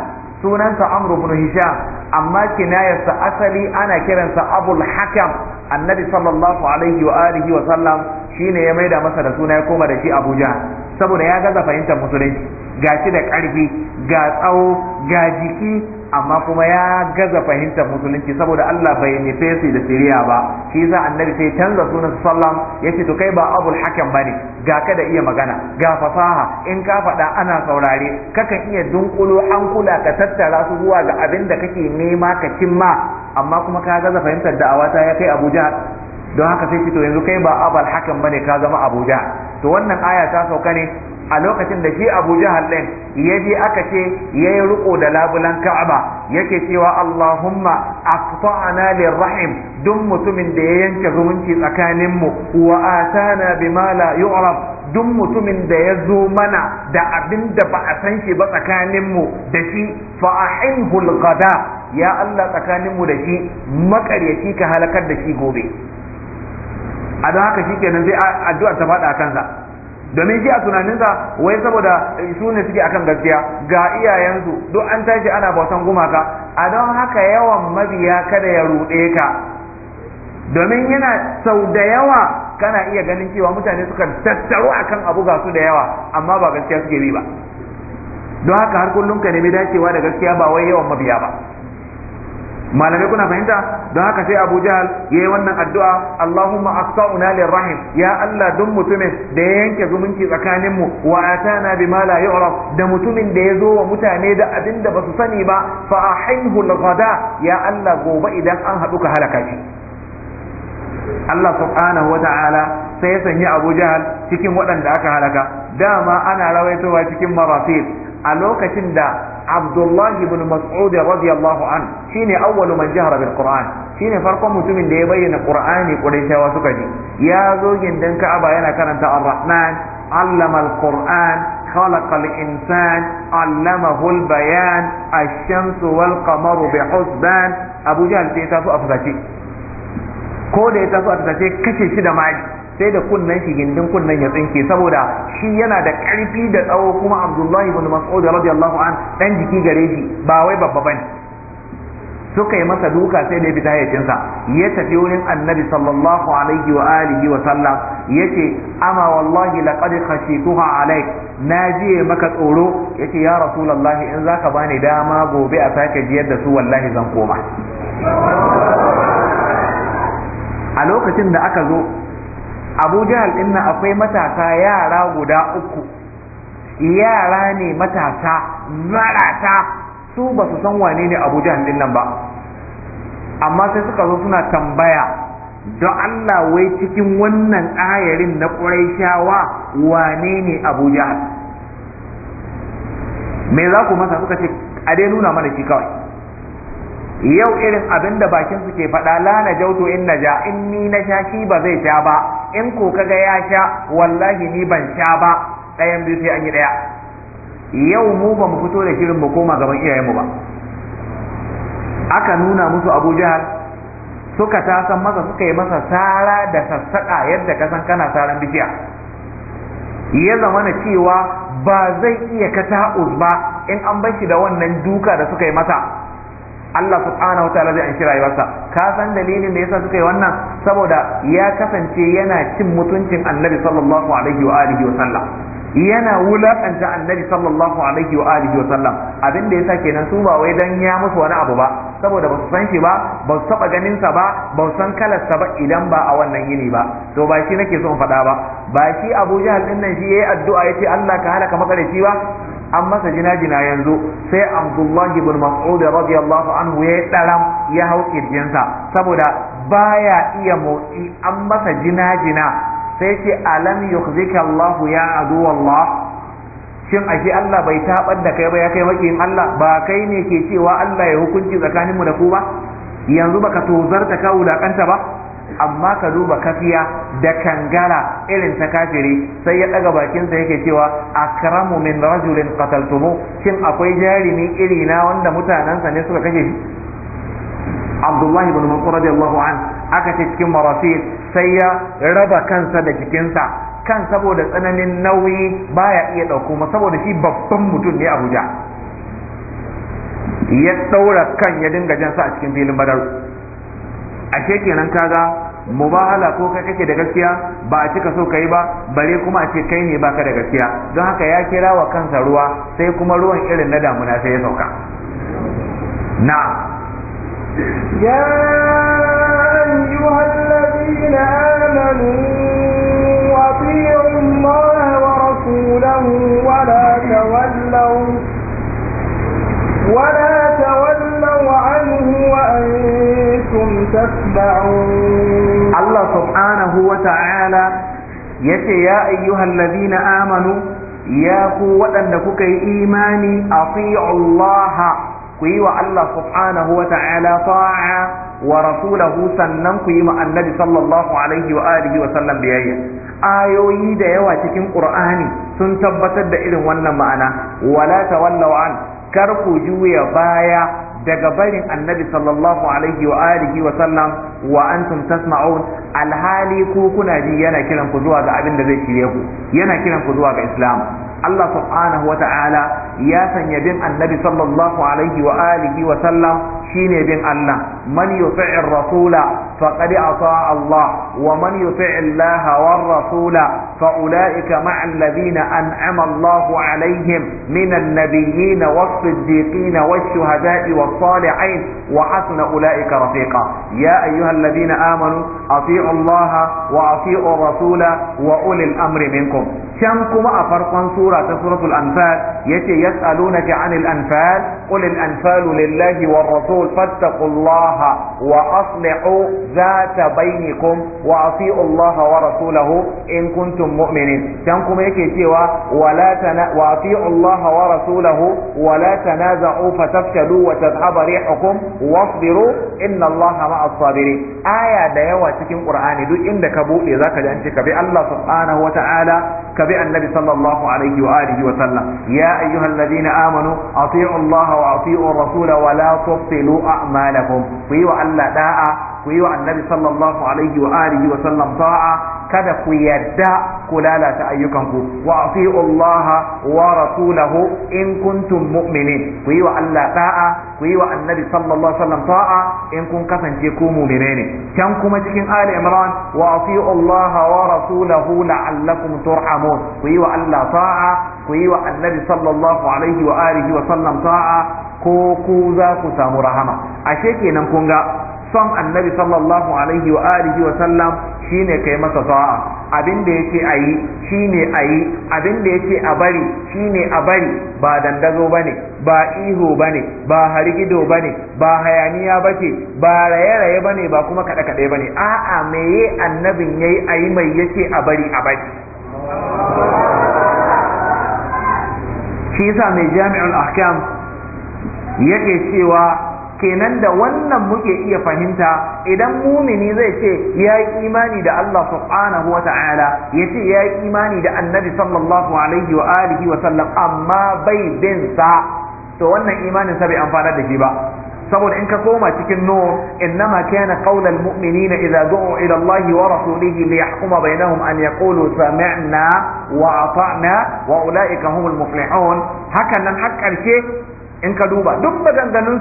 sunansa amru bin hisham amma kinayarsa asali ana kiransa abul hakam annabi sallallahu alaihi wa alihi wa sallam shine ya maida masa da suna ya koma da shi abu jahal saboda ya gaza fahimtar musulunci shi da ƙarfi ga tsawo ga jiki amma kuma ya gaza fahimtar musulunci saboda Allah bai nufe su da siriya ba shi yasa annabi sai canza sunan sallam ya to kai ba abul hakan ba ne ga ka da iya magana ga fasaha in ka faɗa ana saurare kakan iya dunkulo hankula ka tattara su zuwa ga abin da kake nema ka cimma amma kuma ka gaza fahimtar da'awa ta ya kai Abuja don haka sai fito yanzu kai ba abul ba bane ka zama Abuja to wannan aya ta sauka ne a lokacin da shi abu jahal ɗin ya je aka ce ya yi riko da labulan ka'aba yake cewa allahumma aqta'ana rahim, duk mutumin da ya yanke zumunci tsakaninmu wa atana bi mala yu'raf duk mutumin da ya zo mana da abin da ba a san shi ba tsakaninmu da shi fa'ahimhul gada ya Allah tsakaninmu da shi makaryaci ka halakar da shi gobe a don haka shi kenan zai addu'a ta faɗa kansa domin shi a tunaninsa wai saboda su ne suke akan gaskiya ga iyayensu duk an tashi ana bautan gumaka a don haka yawan mabiya kada ya ruɗe ka domin yana sau da yawa kana iya ganin cewa mutane suka tattaro akan abu ga su da yawa amma ba gaskiya suke bi ba don haka har kullum ka nemi dacewa da gaskiya ba wai yawan mabiya ba malamai kuna fahimta don haka sai Abu Jahal yi wannan addu'a Allahumma asqauna rahim ya Allah duk mutumin da ya yanke zumunci tsakanin mu wa atana bima la yu'raf da mutumin da ya zo wa mutane da abin da basu sani ba fa ahinhu al-ghada ya Allah gobe idan an haɗu ka halaka shi Allah subhanahu wa ta'ala sai ya sanya Abu Jahal cikin waɗanda aka halaka dama ana rawaitowa cikin marasil a lokacin da Abdullahi ibn Mas'ud radiyallahu an shine awwalu man jahara bil Qur'an shine farkon mutumin da ya bayyana Qur'ani Qurayshawa suka ji ya zo gindan Ka'aba yana karanta Ar-Rahman allama al-Qur'an خلق الإنسان علمه البيان الشمس والقمر بحسبان أبو جهل تأتى أفضل ko da ya taso a tattace kashe shi da sai da kunnen shi gindin kunnen ya tsinke saboda shi yana da ƙarfi da tsawo kuma abdullahi ibn mas'ud radiyallahu an dan jiki gare shi ba wai babba bane suka yi masa duka sai da ya fita hayyacinsa ya tafi wurin annabi sallallahu alaihi wa alihi wa sallam yace ama wallahi laqad khashituha alaik na jiye maka tsoro yace ya rasulullahi in zaka bani dama gobe a sake jiyar da su wallahi zan koma a lokacin da aka zo abu jahal ɗin akwai matasa yara guda uku yara ne matasa marata su ba su san wane ne abu jahal dinnan ba amma sai suka zo suna tambaya don Allah wai cikin wannan ayarin na shawa wane ne abu jahal me za ku masa suka ce a dai nuna mana shi kawai yau irin abin da bakin su ke faɗa la na jauto in na ja in ni na sha shi ba zai sha ba in ko kaga ya sha wallahi ni ban sha ba ɗayan biyu sai an yi ɗaya yau mu ba mu fito da shirin mu koma gaban iyayenmu ba aka nuna musu abu jihar suka tasan masa suka yi masa sara da sassaƙa yadda ka san kana saran bishiya ya zama na cewa ba zai iya kata ba in an bar shi da wannan duka da suka yi masa Allah subhanahu wataala zai anshi rayuwarsa ka san dalilin da yasa suka yi wannan saboda ya kasance yana cin mutuncin annabi sallallahu alaihi wa alihi wa sallam yana wulakanta annabi sallallahu alaihi wa alihi wa sallam abin da yasa kenan su ba wai dan ya musu wani abu ba saboda ba su san shi ba ba su taba ganin sa ba ba su san sa ba idan ba a wannan yini ba to ba shi nake so faɗa ba ba shi Abu Jahal din nan shi yayi addu'a yace Allah ka halaka makareci ba an masa jina-jina yanzu sai abdullahi bin mas'ud radiyallahu anhu ya daram ya hau kirjinsa saboda baya iya motsi an masa jina-jina sai ce alam yukhzika Allah ya adu Allah shin ashe Allah bai tabar da kai ba ya kai makiyin Allah ba kai ne ke cewa Allah ya hukunci tsakaninmu da ku ba yanzu baka tozarta da wulakanta ba amma ka duba kafiya da kangara irin ta kafiri sai ya daga bakinsa yake cewa akramu min rajulin qataltumu shin akwai jarimi iri na wanda mutanansa ne suka kashe shi Abdullahi ibn Mas'ud radiyallahu an aka ce cikin marasil sai ya raba kansa da jikinsa kan saboda tsananin nauyi baya iya dauko saboda shi babban mutum ne Abuja ya ɗaura kan ya dinga jansa a cikin filin badar ashe kenan kaga mubahala ko kai kake da gaskiya ba a cika so ka yi ba bare kuma a ce kai ne baka da gaskiya don haka ya kira wa kansa ruwa sai kuma ruwan irin na damuna sai ya sauka na ya ayyuhal ladina amanu atii'u wa rasulahu wa la tawallaw wa la tawallaw anhu wa antum tasma'un Allah subhanahu wa ta'ala ya ce ya ayyuhal ladina amanu ya ku waɗanda kuka yi imani a Allah ku yi wa Allah subhanahu wa ta'ala ta'a wa rasulahu sannan ku yi ma annabi sallallahu alaihi wa wa sallam biyayya ayoyi da yawa cikin qur'ani sun tabbatar da irin wannan ma'ana wala tawallaw an kar ku juya baya daga barin annabi sallallahu alaihi wa alihi wa sallam wa antum tasma'un alhali ku kuna ji yana kiran ku zuwa ga abin da zai shirye ku yana kiran ku zuwa ga islam Allah subhanahu wa ta'ala ya sanya bin annabi sallallahu alaihi wa alihi wa sallam shine bin Allah man yuti'ir rasula faqad ata'a Allah wa man yuti'i Allah war rasula fa ulaika ma'a alladhina an'ama Allah 'alayhim minan nabiyyin was-siddiqin wash-shuhada'i was-salihin wa hasuna ulaika rafiqa ya ayyuhalladhina amanu ati'u Allah wa ati'u rasula wa ulil amri minkum كم كما أفرقان سورة سورة الأنفال يتي يسألونك عن الأنفال قل الأنفال لله والرسول يقول فاتقوا الله وأصلحوا ذات بينكم وأطيعوا الله ورسوله إن كنتم مؤمنين تنكم يكي ولا تنا وأطيعوا الله ورسوله ولا تنازعوا فتفشلوا وتذهب ريحكم واصبروا إن الله مع الصابرين آية ديوة تكين قرآن دو إن كبو ذاك لأنت كبي الله سبحانه وتعالى كبي النبي صلى الله عليه وآله وسلم يا أيها الذين آمنوا أطيعوا الله وأطيعوا الرسول ولا تفصلوا ahsinu a'malakum ku yi wa Allah da'a ku yi wa annabi sallallahu alaihi wa alihi wa sallam da'a kada ku yadda ku lalata ayyukanku wa ati'u Allah wa rasulahu in kuntum mu'minin ku yi wa Allah da'a ku yi wa annabi sallallahu alaihi wa sallam da'a in kun kasance ku mu'mine ne can kuma cikin ali imran wa ati'u Allah wa rasulahu la'allakum turhamun ku yi wa Allah ta'a ku yi wa annabi sallallahu alaihi wa alihi wa sallam ta'a ko ku za ku samu rahama ashe kenan kun ga son annabi sallallahu alaihi wa alihi wa sallam shine kai masa sa'a abin da yake ayi shine ayi abin da yake a bari shine a bari ba dandazo bane ba iho bane ba harigido bane ba hayaniya bace ba raye-raye bane ba kuma kaɗe-kaɗe bane a'a meye annabin yayi ayi mai yace a bari a bari shi yasa mai jami'ul ahkam yake cewa kenan da wannan muke iya fahimta idan mumini zai ce ya yi imani da Allah subhanahu wa ta'ala ya ce ya yi imani da annabi sallallahu alaihi wa alihi wa sallam amma bai bin sa to wannan imanin sa bai amfana da shi ba saboda in ka koma cikin nur innama kana qaulal mu'minina idza du'u ila Allah wa rasulihi li yahkuma bainahum an yaqulu sami'na wa ata'na wa ulaika humul muflihun hakan nan har karshe in ka duba duk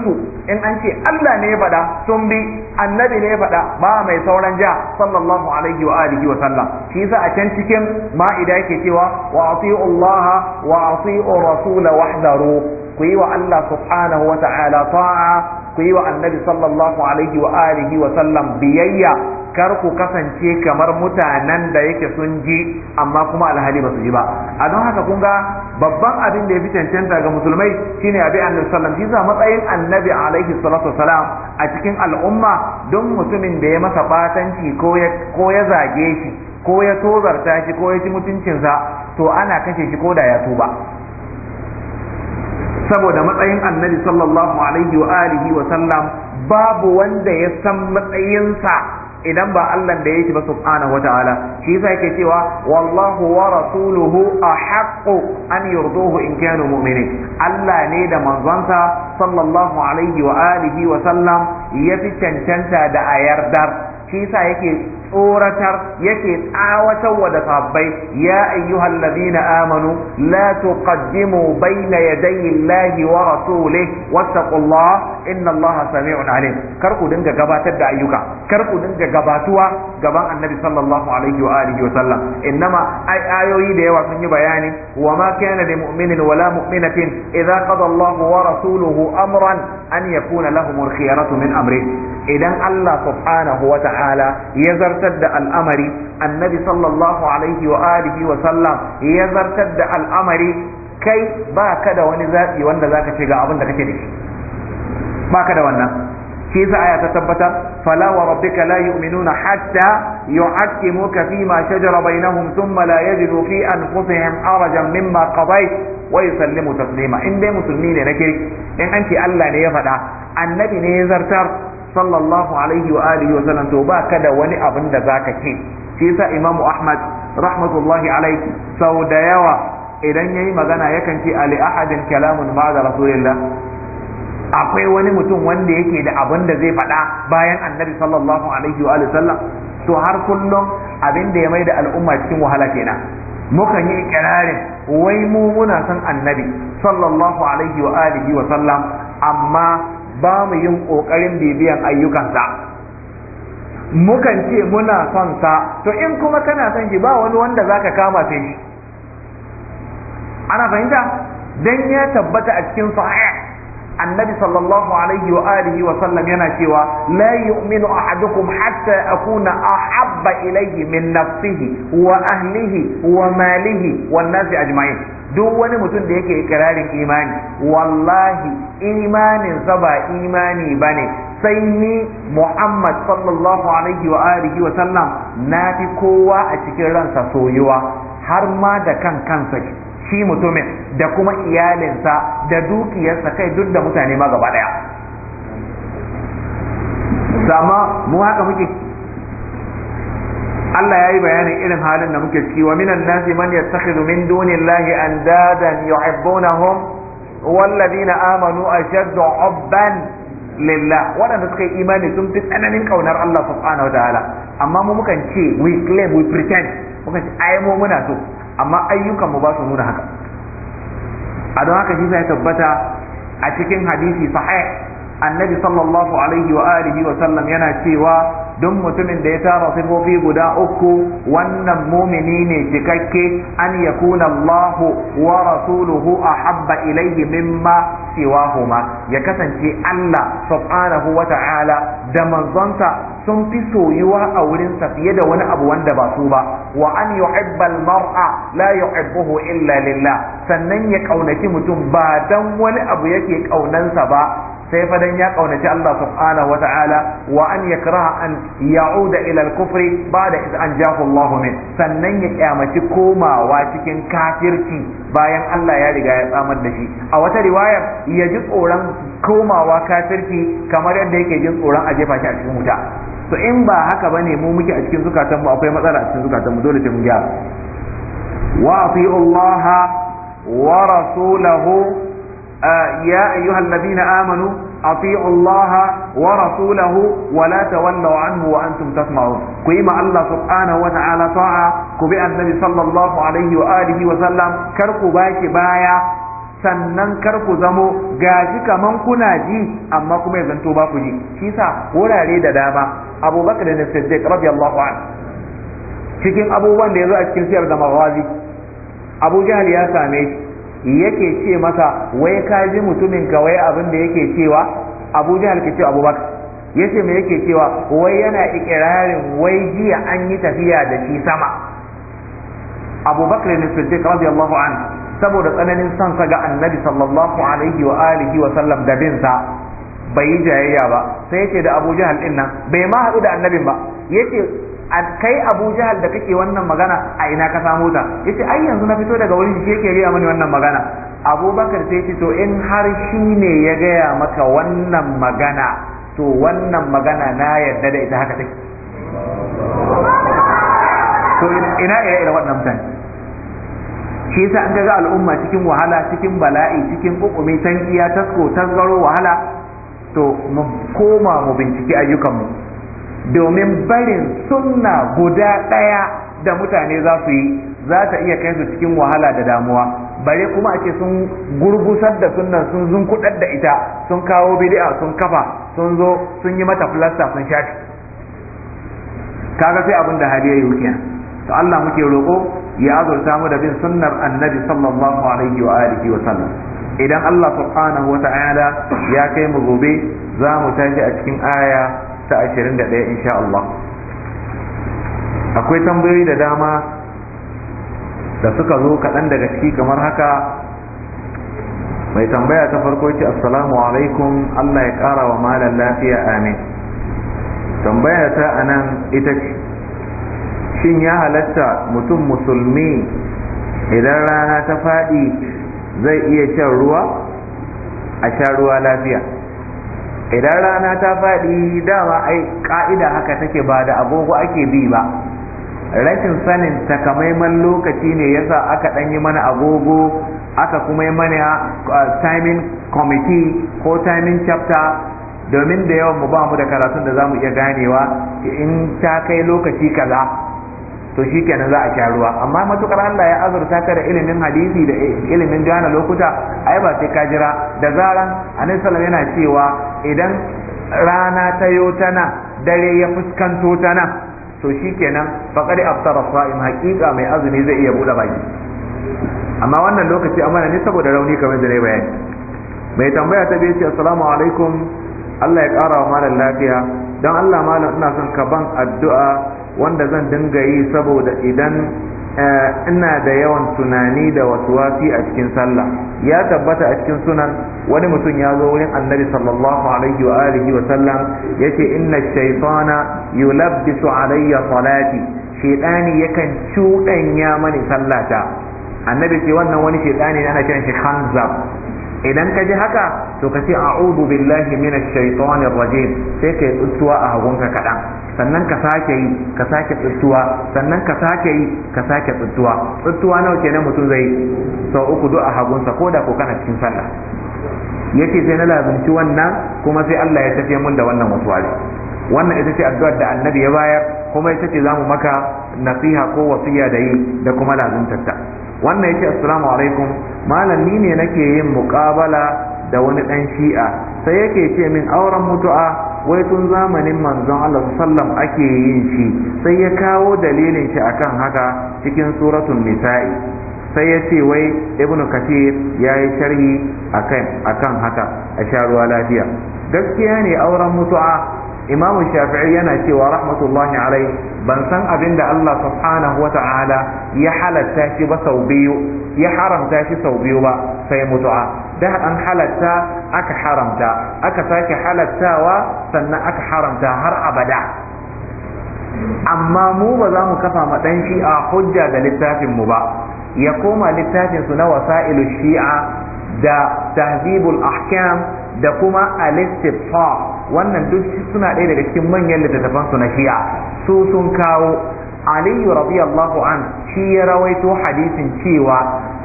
su in an ce Allah ne ya faɗa sun bi annabi ne ya faɗa ba mai sauran ja sallallahu alaihi wa alihi wa sallam shi yasa a can cikin ma'ida yake cewa wa ati'u Allah wa ati'u rasul wahdaru ku yi wa Allah subhanahu wa ta'ala ta'a ku yi wa annabi sallallahu alaihi wa alihi wa sallam biyayya kar ku kasance kamar mutanen da yake sun ji amma kuma alhali ba su ji ba a don haka kun ga babban abin da ya fi cancanta ga musulmai shine abi annabi sallam shi za matsayin annabi alaihi salatu wasalam a cikin al'umma don mutumin da ya masa batanci ko ya zage shi ko ya tozarta shi ko ya ci mutuncinsa to ana kashe shi ko da ya tuba saboda matsayin annabi sallallahu alaihi wa alihi wa sallam babu wanda ya san matsayinsa idan ba Allah da yake ba subhanahu wataala shi yasa yake cewa wallahu wa rasuluhu ahaqqu an yurduhu in kanu mu'minin Allah ne da manzonsa sallallahu alaihi wa alihi wa sallam ya fi cancanta da a yardar shi yasa yake tsoratar yake tsawatarwa da sabbai ya ayyuhal ladina amanu la tuqaddimu bayna yadayi llahi wa rasulihi wattaqullah inna allaha sami'un alim kar ku dinga gabatar da ayyuka kar ku dinga gabatuwa gaban annabi sallallahu alaihi wa alihi wa sallam innama ai ayoyi da yawa sun yi bayani wa ma kana li mu'minin wa la mu'minatin idza qada allahu wa rasuluhu amran an yakuna lahum al-khiyaratu min amri idan allah subhanahu wa ta'ala ya zarta zartar da al'amari annabi sallallahu alaihi wa alihi wa sallam ya zartar da al'amari kai ba ka da wani zaɓi wanda zaka ce ga abin da kake da shi ba ka da wannan shi yasa aya ta tabbata fala wa rabbika la yu'minuna hatta yu'aqqimuka fi ma shajara bainahum thumma la yajidu fi anfusihim harajan mimma qadayt wa yusallimu taslima in dai musulmi ne na kirki in an ce Allah ne ya faɗa annabi ne ya zartar sallallahu alaihi wa alihi wa sallam to ba ka da wani abin da za zaka ce shi yasa imamu ahmad rahmatullahi alaihi sau da yawa idan yayi magana yakan ce ali ahadin kalamun ma da rasulillah akwai wani mutum wanda yake da abin da zai faɗa bayan annabi sallallahu alaihi wa sallam to har kullum abin da ya mai da al'umma cikin wahala kenan mukan yi ikirarin wai mu muna son annabi sallallahu alaihi wa alihi wa sallam amma ba mu yin ƙoƙarin bibiyan ayyukansa mukan ce muna son sa to in kuma kana son shi ba wani wanda zaka kama sai shi ana fahimta dan ya tabbata a cikin sahih annabi sallallahu alaihi wa alihi wa sallam yana cewa la yu'minu ahadukum hatta akuna ahabba ilayhi min nafsihi wa ahlihi wa malihi wan nasi ajma'in duk wani mutum da yake ikirarin imani wallahi imanin sa ba imani bane sai ni Muhammad sallallahu alaihi wa alihi wa sallam na fi kowa a cikin ransa soyuwa har ma da kan kansa shi mutumin da kuma iyalinsa da dukiyarsa kai duk da mutane ma gaba daya sama mu haka muke Allah ya yi bayanin irin halin da muke ciki wa minan nasi man yattakhidhu min dunillahi andadan yuhibbunahum walladina amanu ashaddu hubban lillah waɗanda suka yi imani sun fi tsananin kaunar Allah subhanahu wataala amma mu mukan ce we claim we pretend mukan ce ai mu muna so amma ayyukan mu ba su nuna haka a don haka shi ya tabbata a cikin hadisi sahih annabi sallallahu alaihi wa alihi wa sallam yana cewa don mutumin da ya tara sifofi guda uku wannan mumini ne cikakke an yakuna Allahu wa rasuluhu ahabba ilayhi mimma siwahuma ya kasance Allah subhanahu wa ta'ala da manzonsa sun fi soyuwa a wurinsa fiye da wani abu wanda ba su ba wa an yuhibba mar'a la yuhibbuhu illa lillah sannan ya kaunaki mutum ba dan wani abu yake kaunansa ba sai fa dan ya kaunaci Allah subhanahu wa ta'ala wa an yakraha an ya'uda ila al-kufri ba'da iz anjahu Allah min sannan ya kyamaci komawa cikin kafirci bayan Allah ya riga ya tsamar da shi a wata riwaya ya ji tsoron komawa kafirci kamar yadda yake jin tsoron a jefa shi a cikin wuta to in ba haka bane mu muke a cikin zukatan mu akwai matsala a cikin zukatan mu dole sai mun gyara wa Allah wa rasulahu يا أيها الذين آمنوا أطيعوا الله ورسوله ولا تولوا عنه وأنتم تسمعون قيمة الله سبحانه وتعالى طاعة كبئ النبي صلى الله عليه وآله وسلم كركوا باك بايا sannan kar ku zamo gaji kaman kuna ji amma kuma ya zanto ba ku ji shi sa wurare da dama abubakar da siddiq radiyallahu anhu cikin abubuwan da ya zo a cikin siyar da mawazi abu jahal ya same shi yake ce masa wai ka ji mutumin ka wai abin da yake cewa abu jahal ke ce abubakar yace me yake cewa wai yana ikirarin wai jiya an yi tafiya da shi sama abubakar ne siddiq allahu an saboda tsananin son sa ga annabi sallallahu alaihi wa alihi wa sallam da bin sa bai yi jayayya ba sai yace da abu jahal din nan bai ma haɗu da annabin ba yace A kai abu jahal da kake wannan magana a ina ka samu ta yace ai yanzu na fito daga wurin shi yake riya mani wannan magana abubakar sai ce to in har shi ne ya gaya maka wannan magana to wannan magana na yarda da ita haka take to ina ya ira wannan mutane shi yasa an ga al'umma cikin wahala cikin bala'i cikin kukumi tankiya tasko tasgaro wahala to mu koma mu binciki ayyukanmu domin barin sunna guda ɗaya da mutane za su yi za ta iya kai su cikin wahala da damuwa bare kuma a ce sun gurgusar da sunnan sun kudar da ita sun kawo bid'a sun kafa sun zo sun yi mata filasta sun shafi kaga sai abin da hadiya yi kenan to Allah muke roƙo ya azurta mu da bin sunnar annabi sallallahu alaihi wa alihi wa sallam idan Allah subhanahu wa ta'ala ya kai mu gobe za mu tashi a cikin aya ta 21 insha Allah akwai tambayoyi da dama da suka zo kaɗan daga ciki kamar haka mai tambaya ta farko ce assalamu alaikum Allah ya ƙara wa malar lafiya amin tambaya ta a nan ita ce shin ya halatta mutum musulmi idan rana ta faɗi zai iya shan ruwa a sha ruwa lafiya idan rana ta faɗi dama ai ka'ida haka take ba da agogo ake bi ba rashin sanin takamaiman lokaci ne yasa aka ɗan yi mana agogo aka kuma yi mana timing committee ko timing chapter domin da yawan mu ba mu da karatun da zamu iya ganewa in ta kai lokaci kaza to shi kenan za a sha ruwa amma matukar Allah ya azurta ka da ilimin hadisi da ilimin jana lokuta ai ba sai ka jira da zaran annabi sallallahu yana cewa idan rana ta yo tana dare ya fuskanto tana to shi kenan faqad aftara sa'im haqiqa mai azumi zai iya bude baki amma wannan lokaci amana ne saboda rauni kamar da na mai tambaya ta biyu ce assalamu alaikum Allah ya kara wa malam lafiya don Allah malam ina son ka ban addu'a wanda zan dinga yi saboda idan eh, ina da yawan tunani da wasuwasi a cikin sallah ya tabbata a cikin sunan wani mutum ya zo wurin annabi sallallahu alaihi wa alihi wa sallam yace inna shaytana yulabbisu alayya salati shaytani yakan cudanya mani sallata annabi ce wannan wani shaytani ne ana kiran shi khanzab idan ka ji haka to ka ce a'udhu billahi minash shaitanir rajim sai ka yi a hagunka kaɗan sannan ka sake yi ka sake tsuwa sannan ka sake yi ka sake tsuwa tsuwa nawa kenan mutum zai sau uku duk a hagunsa ko da ko kana cikin sallah Yake sai na lazumci wannan kuma sai Allah ya tafi mun da wannan wasuwari wannan ita ce addu'ar da annabi ya bayar kuma ita ce zamu maka nasiha ko wasiya da yi da kuma ta wannan yake assalamu alaikum malami ne nake yin muƙabala da wani dan shi'a sai yake ce min auren mutu'a wai tun zamanin manzon Allah sallam ake yin shi sai ya kawo dalilin shi akan haka cikin suratul nisa'i sai ya ce wai ibnu kathir ya yi sharhi akan haka a sha ruwa lafiya gaskiya ne auren mutu'a imamin shafi'i yana cewa rahmatullahi alai ban san abin da Allah subhanahu wa ta'ala ya halatta shi ba sau biyu ya haramta shi sau biyu ba sai mutu'a da an halatta aka haramta aka sake halattawa sannan aka haramta har abada amma mu ba za mu kafa ma shi'a hujja da littafin mu ba ya koma littafin su na wasa'ilu shi'a da tahzibul ahkam da kuma al-istifsar wannan duk suna ɗaya daga cikin manyan littattafan su na shi'a su sun kawo aliyu radiyallahu an shi ya rawaito hadisin cewa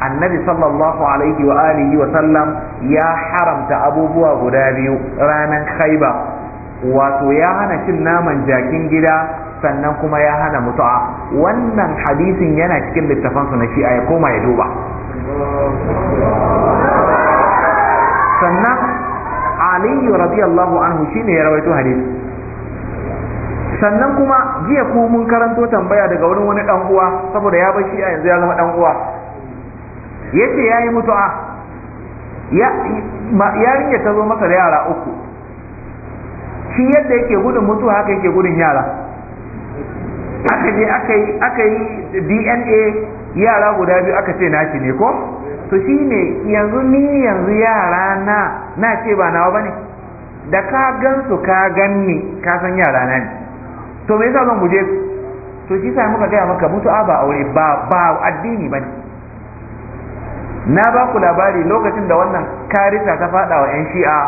annabi sallallahu alaihi wa alihi wa sallam ya haramta abubuwa guda biyu ranar khaiba wato ya hana cin naman jakin gida sannan kuma ya hana mutu'a wannan hadisin yana cikin littafansu na shi'a ya koma ya duba sannan aliyu radiyallahu anhu shine ya rawaito hadisi sannan kuma jiya ku mun karanto tambaya daga wurin wani dan uwa saboda ya bashi a yanzu ya zama dan uwa yace yayi mutu'a ya yarinya ta zo masa da yara uku shi yadda yake gudun mutuwa haka yake gudun yara aka je aka yi aka yi DNA yara guda biyu aka ce nashi ne ko to shi ne yanzu ni yanzu yara na na ce ba nawa bane da ka gan su ka gan ni ka san yara na ne to me yasa zan guje to shi sa muka gaya maka mutu'a ba aure ba ba addini bane na ba ku labari lokacin da wannan karisa ta fada wa 'yan shi'a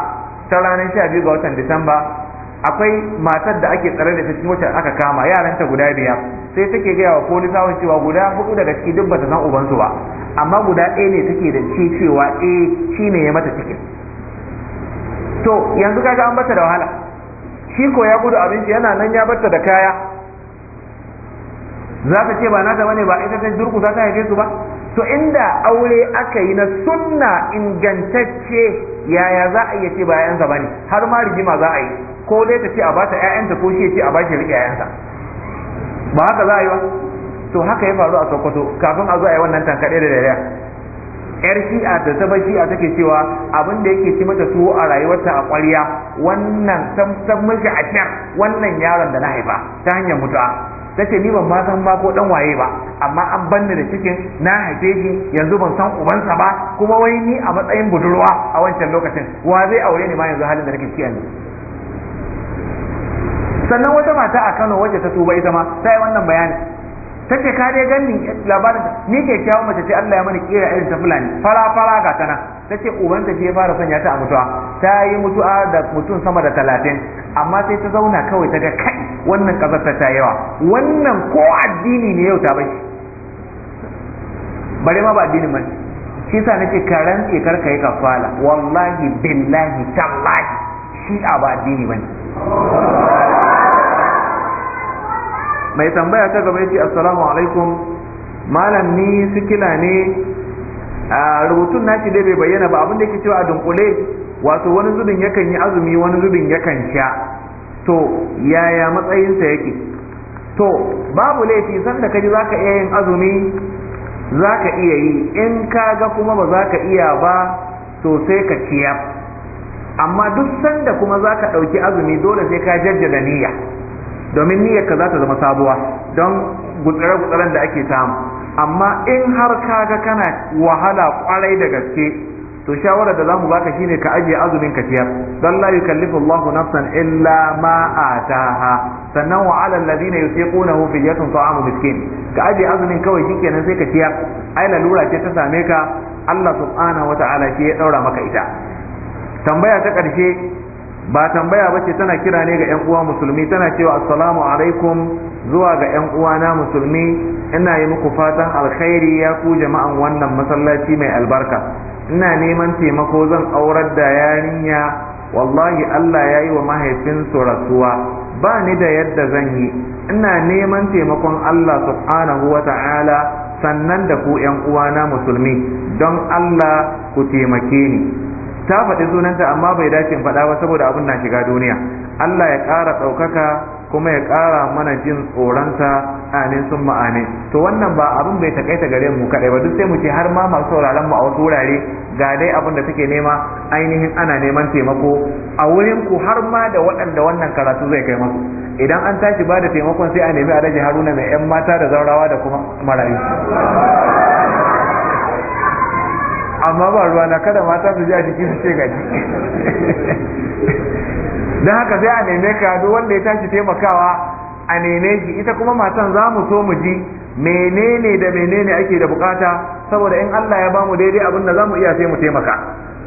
ta ranar 12 ga watan disamba akwai matar da ake tsare da ta cikin wacce aka kama yaranta guda biyar sai take gaya wa polisawan cewa guda hudu daga ciki duk bata san ubansu ba amma guda ɗaya ne take da ci cewa eh shi ya mata cikin to yanzu kaga an bata da wahala shi ko ya gudu abinci yana nan ya bata da kaya za ka ce ba na nata bane ba ita ta durku za ta haife su ba to inda aure aka yi na sunna ingantacce yaya za a iya ce bayansa bane har ma rigima za a yi ko dai ta ce a bata ƴaƴanta ko shi ya ce a bashi riƙe ƴaƴanta ba haka za a yi ba to haka ya faru a Sokoto kafin a zo a yi wannan tankaɗe da dariya yar shi'a da ta a take cewa abin da yake ci mata tuwo a rayuwarta a ƙwarya wannan san mulki a shar wannan yaron da na haifa ta hanyar mutuwa, ta ce ni ban ma san ba ko dan waye ba amma an banni da cikin na haife shi yanzu ban san ubansa ba kuma wai ni a matsayin budurwa a wancan lokacin wa zai aure ni ma yanzu halin da nake ciki yanzu sannan wata mata a Kano wacce ta tuba ita ma ta yi wannan bayani ta ce ka dai ganin labarin ni ke kyawun mace ce Allah ya mana kira irin ta fulani fara fara ga tana ta ce ubanta ke ya fara sanya ta a mutuwa ta yi mutuwa da mutum sama da talatin amma sai ta zauna kawai ta ga kai wannan kazarta ta yawa wannan ko addini ne yau ta bai bare ma ba addinin ba shi sa nake karan tsekar ka yi kafala wallahi billahi tallahi shi'a ba addini bane mai tambaya ta gaba yake assalamu alaikum malam ni sikila ne a rubutun nashi dai bai bayyana ba abin da yake cewa a dunkule wato wani zubin yakan yi azumi wani zubin yakan sha to yaya matsayinsa yake to babu laifi sanda ka ji zaka iya yin azumi zaka iya yi in ka ga kuma ba zaka iya ba to sai ka ciyar amma duk sanda kuma za ka ɗauki azumi dole sai ka jaddada niyya domin niyyar ka za ta zama sabuwa don gutsire-gutsiren da ake samu amma in har ka ga kana wahala kwarai da gaske to shawara da zamu baka shine ka ajiye azumin ka ciyar dan la yukallifu Allah nafsan illa ma ataha sannan wa ala alladhina yusiqunahu fidyatun ta'amu miskin ka ajiye azumin kawai shikenan sai ka tiyar ai lalura ce ta same ka Allah subhanahu wa ta'ala shi ya daura maka ita tambaya ta ƙarshe ba tambaya ba ce tana kira ne ga 'yan uwa musulmi tana cewa assalamu alaikum zuwa ga 'yan uwana musulmi ina yi muku fatan alkhairi ya ku jama'an wannan masallaci mai albarka ina neman taimako zan aurar da yarinya wallahi Allah ya yi wa mahaifinsu rasuwa ba ni da yadda zan yi ina neman taimakon Allah subhanahu wa ta'ala sannan da ku 'yan uwana musulmi don Allah ku taimake ni ta faɗi sunanta amma bai dace in faɗa ba saboda abin na shiga duniya Allah ya ƙara ɗaukaka kuma ya ƙara mana jin tsoronsa amin sun ma'amin to wannan ba abin bai takaita gare mu kaɗai ba duk sai mu ce har ma masu sauraron mu a wasu wurare ga dai abin da suke nema ainihin ana neman taimako a wurin ku har ma da waɗanda wannan karatu zai kai masu idan an tashi ba da taimakon sai a nemi a daji haruna mai 'yan mata da zaurawa da kuma marayu amma ba ruwa na kada mata su ji a jiki su ce gaji don haka sai a neme ka duk wanda ya tashi taimakawa a neme shi ita kuma matan za mu so mu ji menene da menene ake da bukata saboda in Allah ya ba mu daidai abin da za mu iya sai mu taimaka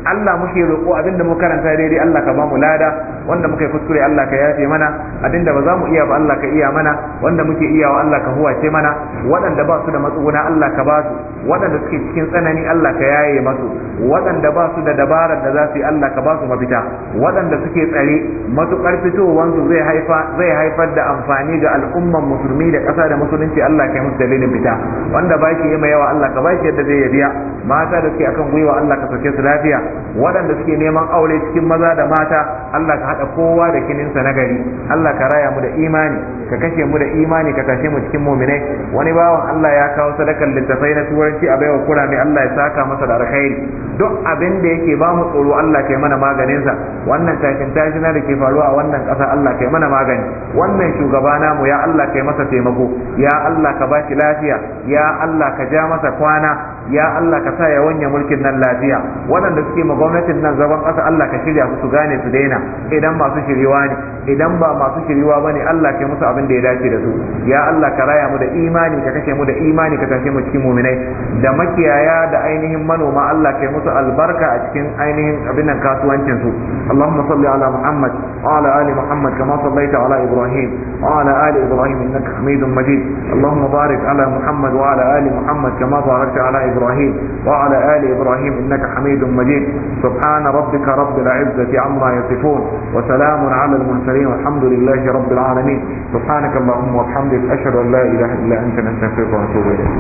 Allah muke roƙo abin da mu karanta daidai Allah ka ba mu lada wanda muka yi kuskure Allah ka yafe mana abinda ba za mu iya ba Allah ka iya mana wanda muke iya wa Allah ka huwace mana waɗanda ba su da matsuguna Allah ka ba su waɗanda suke cikin tsanani Allah ka yaye masu waɗanda ba su da dabarar da za su yi Allah ka ba su mafita waɗanda suke tsare matuƙar fitowansu zai haifa zai haifar da amfani ga al'umman musulmi da ƙasa da musulunci Allah ka yi musu dalilin fita wanda ba shi yima yawa Allah ka ba shi yadda zai biya mata da suke akan gwiwa Allah ka sauke su lafiya waɗanda suke neman aure cikin maza da mata Allah ka haɗa kowa da kininsa na gari Allah ka raya mu da imani ka kashe mu da imani ka kashe mu cikin mu'minai wani bawan Allah ya kawo sadakan littafai na turanci a baiwa kura mai Allah ya saka masa da alkhairi duk abin da yake ba mu tsoro Allah kai mana maganinsa wannan tashin tashina da ke faruwa a wannan ƙasa Allah kai mana magani wannan shugaba namu ya Allah kai masa taimako ya Allah ka bashi lafiya ya Allah ka ja masa kwana ya Allah ka sa ya wanya mulkin nan lafiya waɗanda suke ma gwamnatin nan zaban ƙasa Allah ka shirya su gane su daina idan masu shiriwa ne idan ba masu shiriwa bane Allah ke musu abin da ya dace da su ya Allah ka raya mu da imani ka kashe mu da imani ka kashe mu cikin mu'minai da makiyaya da ainihin manoma Allah ke musu albarka a cikin ainihin abin nan kasuwancin su Allahumma salli ala Muhammad wa ala ali Muhammad kama sallaita ala Ibrahim wa ala ali Ibrahim innaka Hamidum Majid Allahumma barik ala Muhammad wa ala ali Muhammad kama barakta ala Ibrahim wa ala ali Ibrahim innaka Hamidum Majid subhana rabbika rabbil izzati amma yasifun وسلام على المرسلين والحمد لله رب العالمين سبحانك اللهم وبحمدك أشهد أن لا إله إلا أنت نستغفرك ونتوب إليك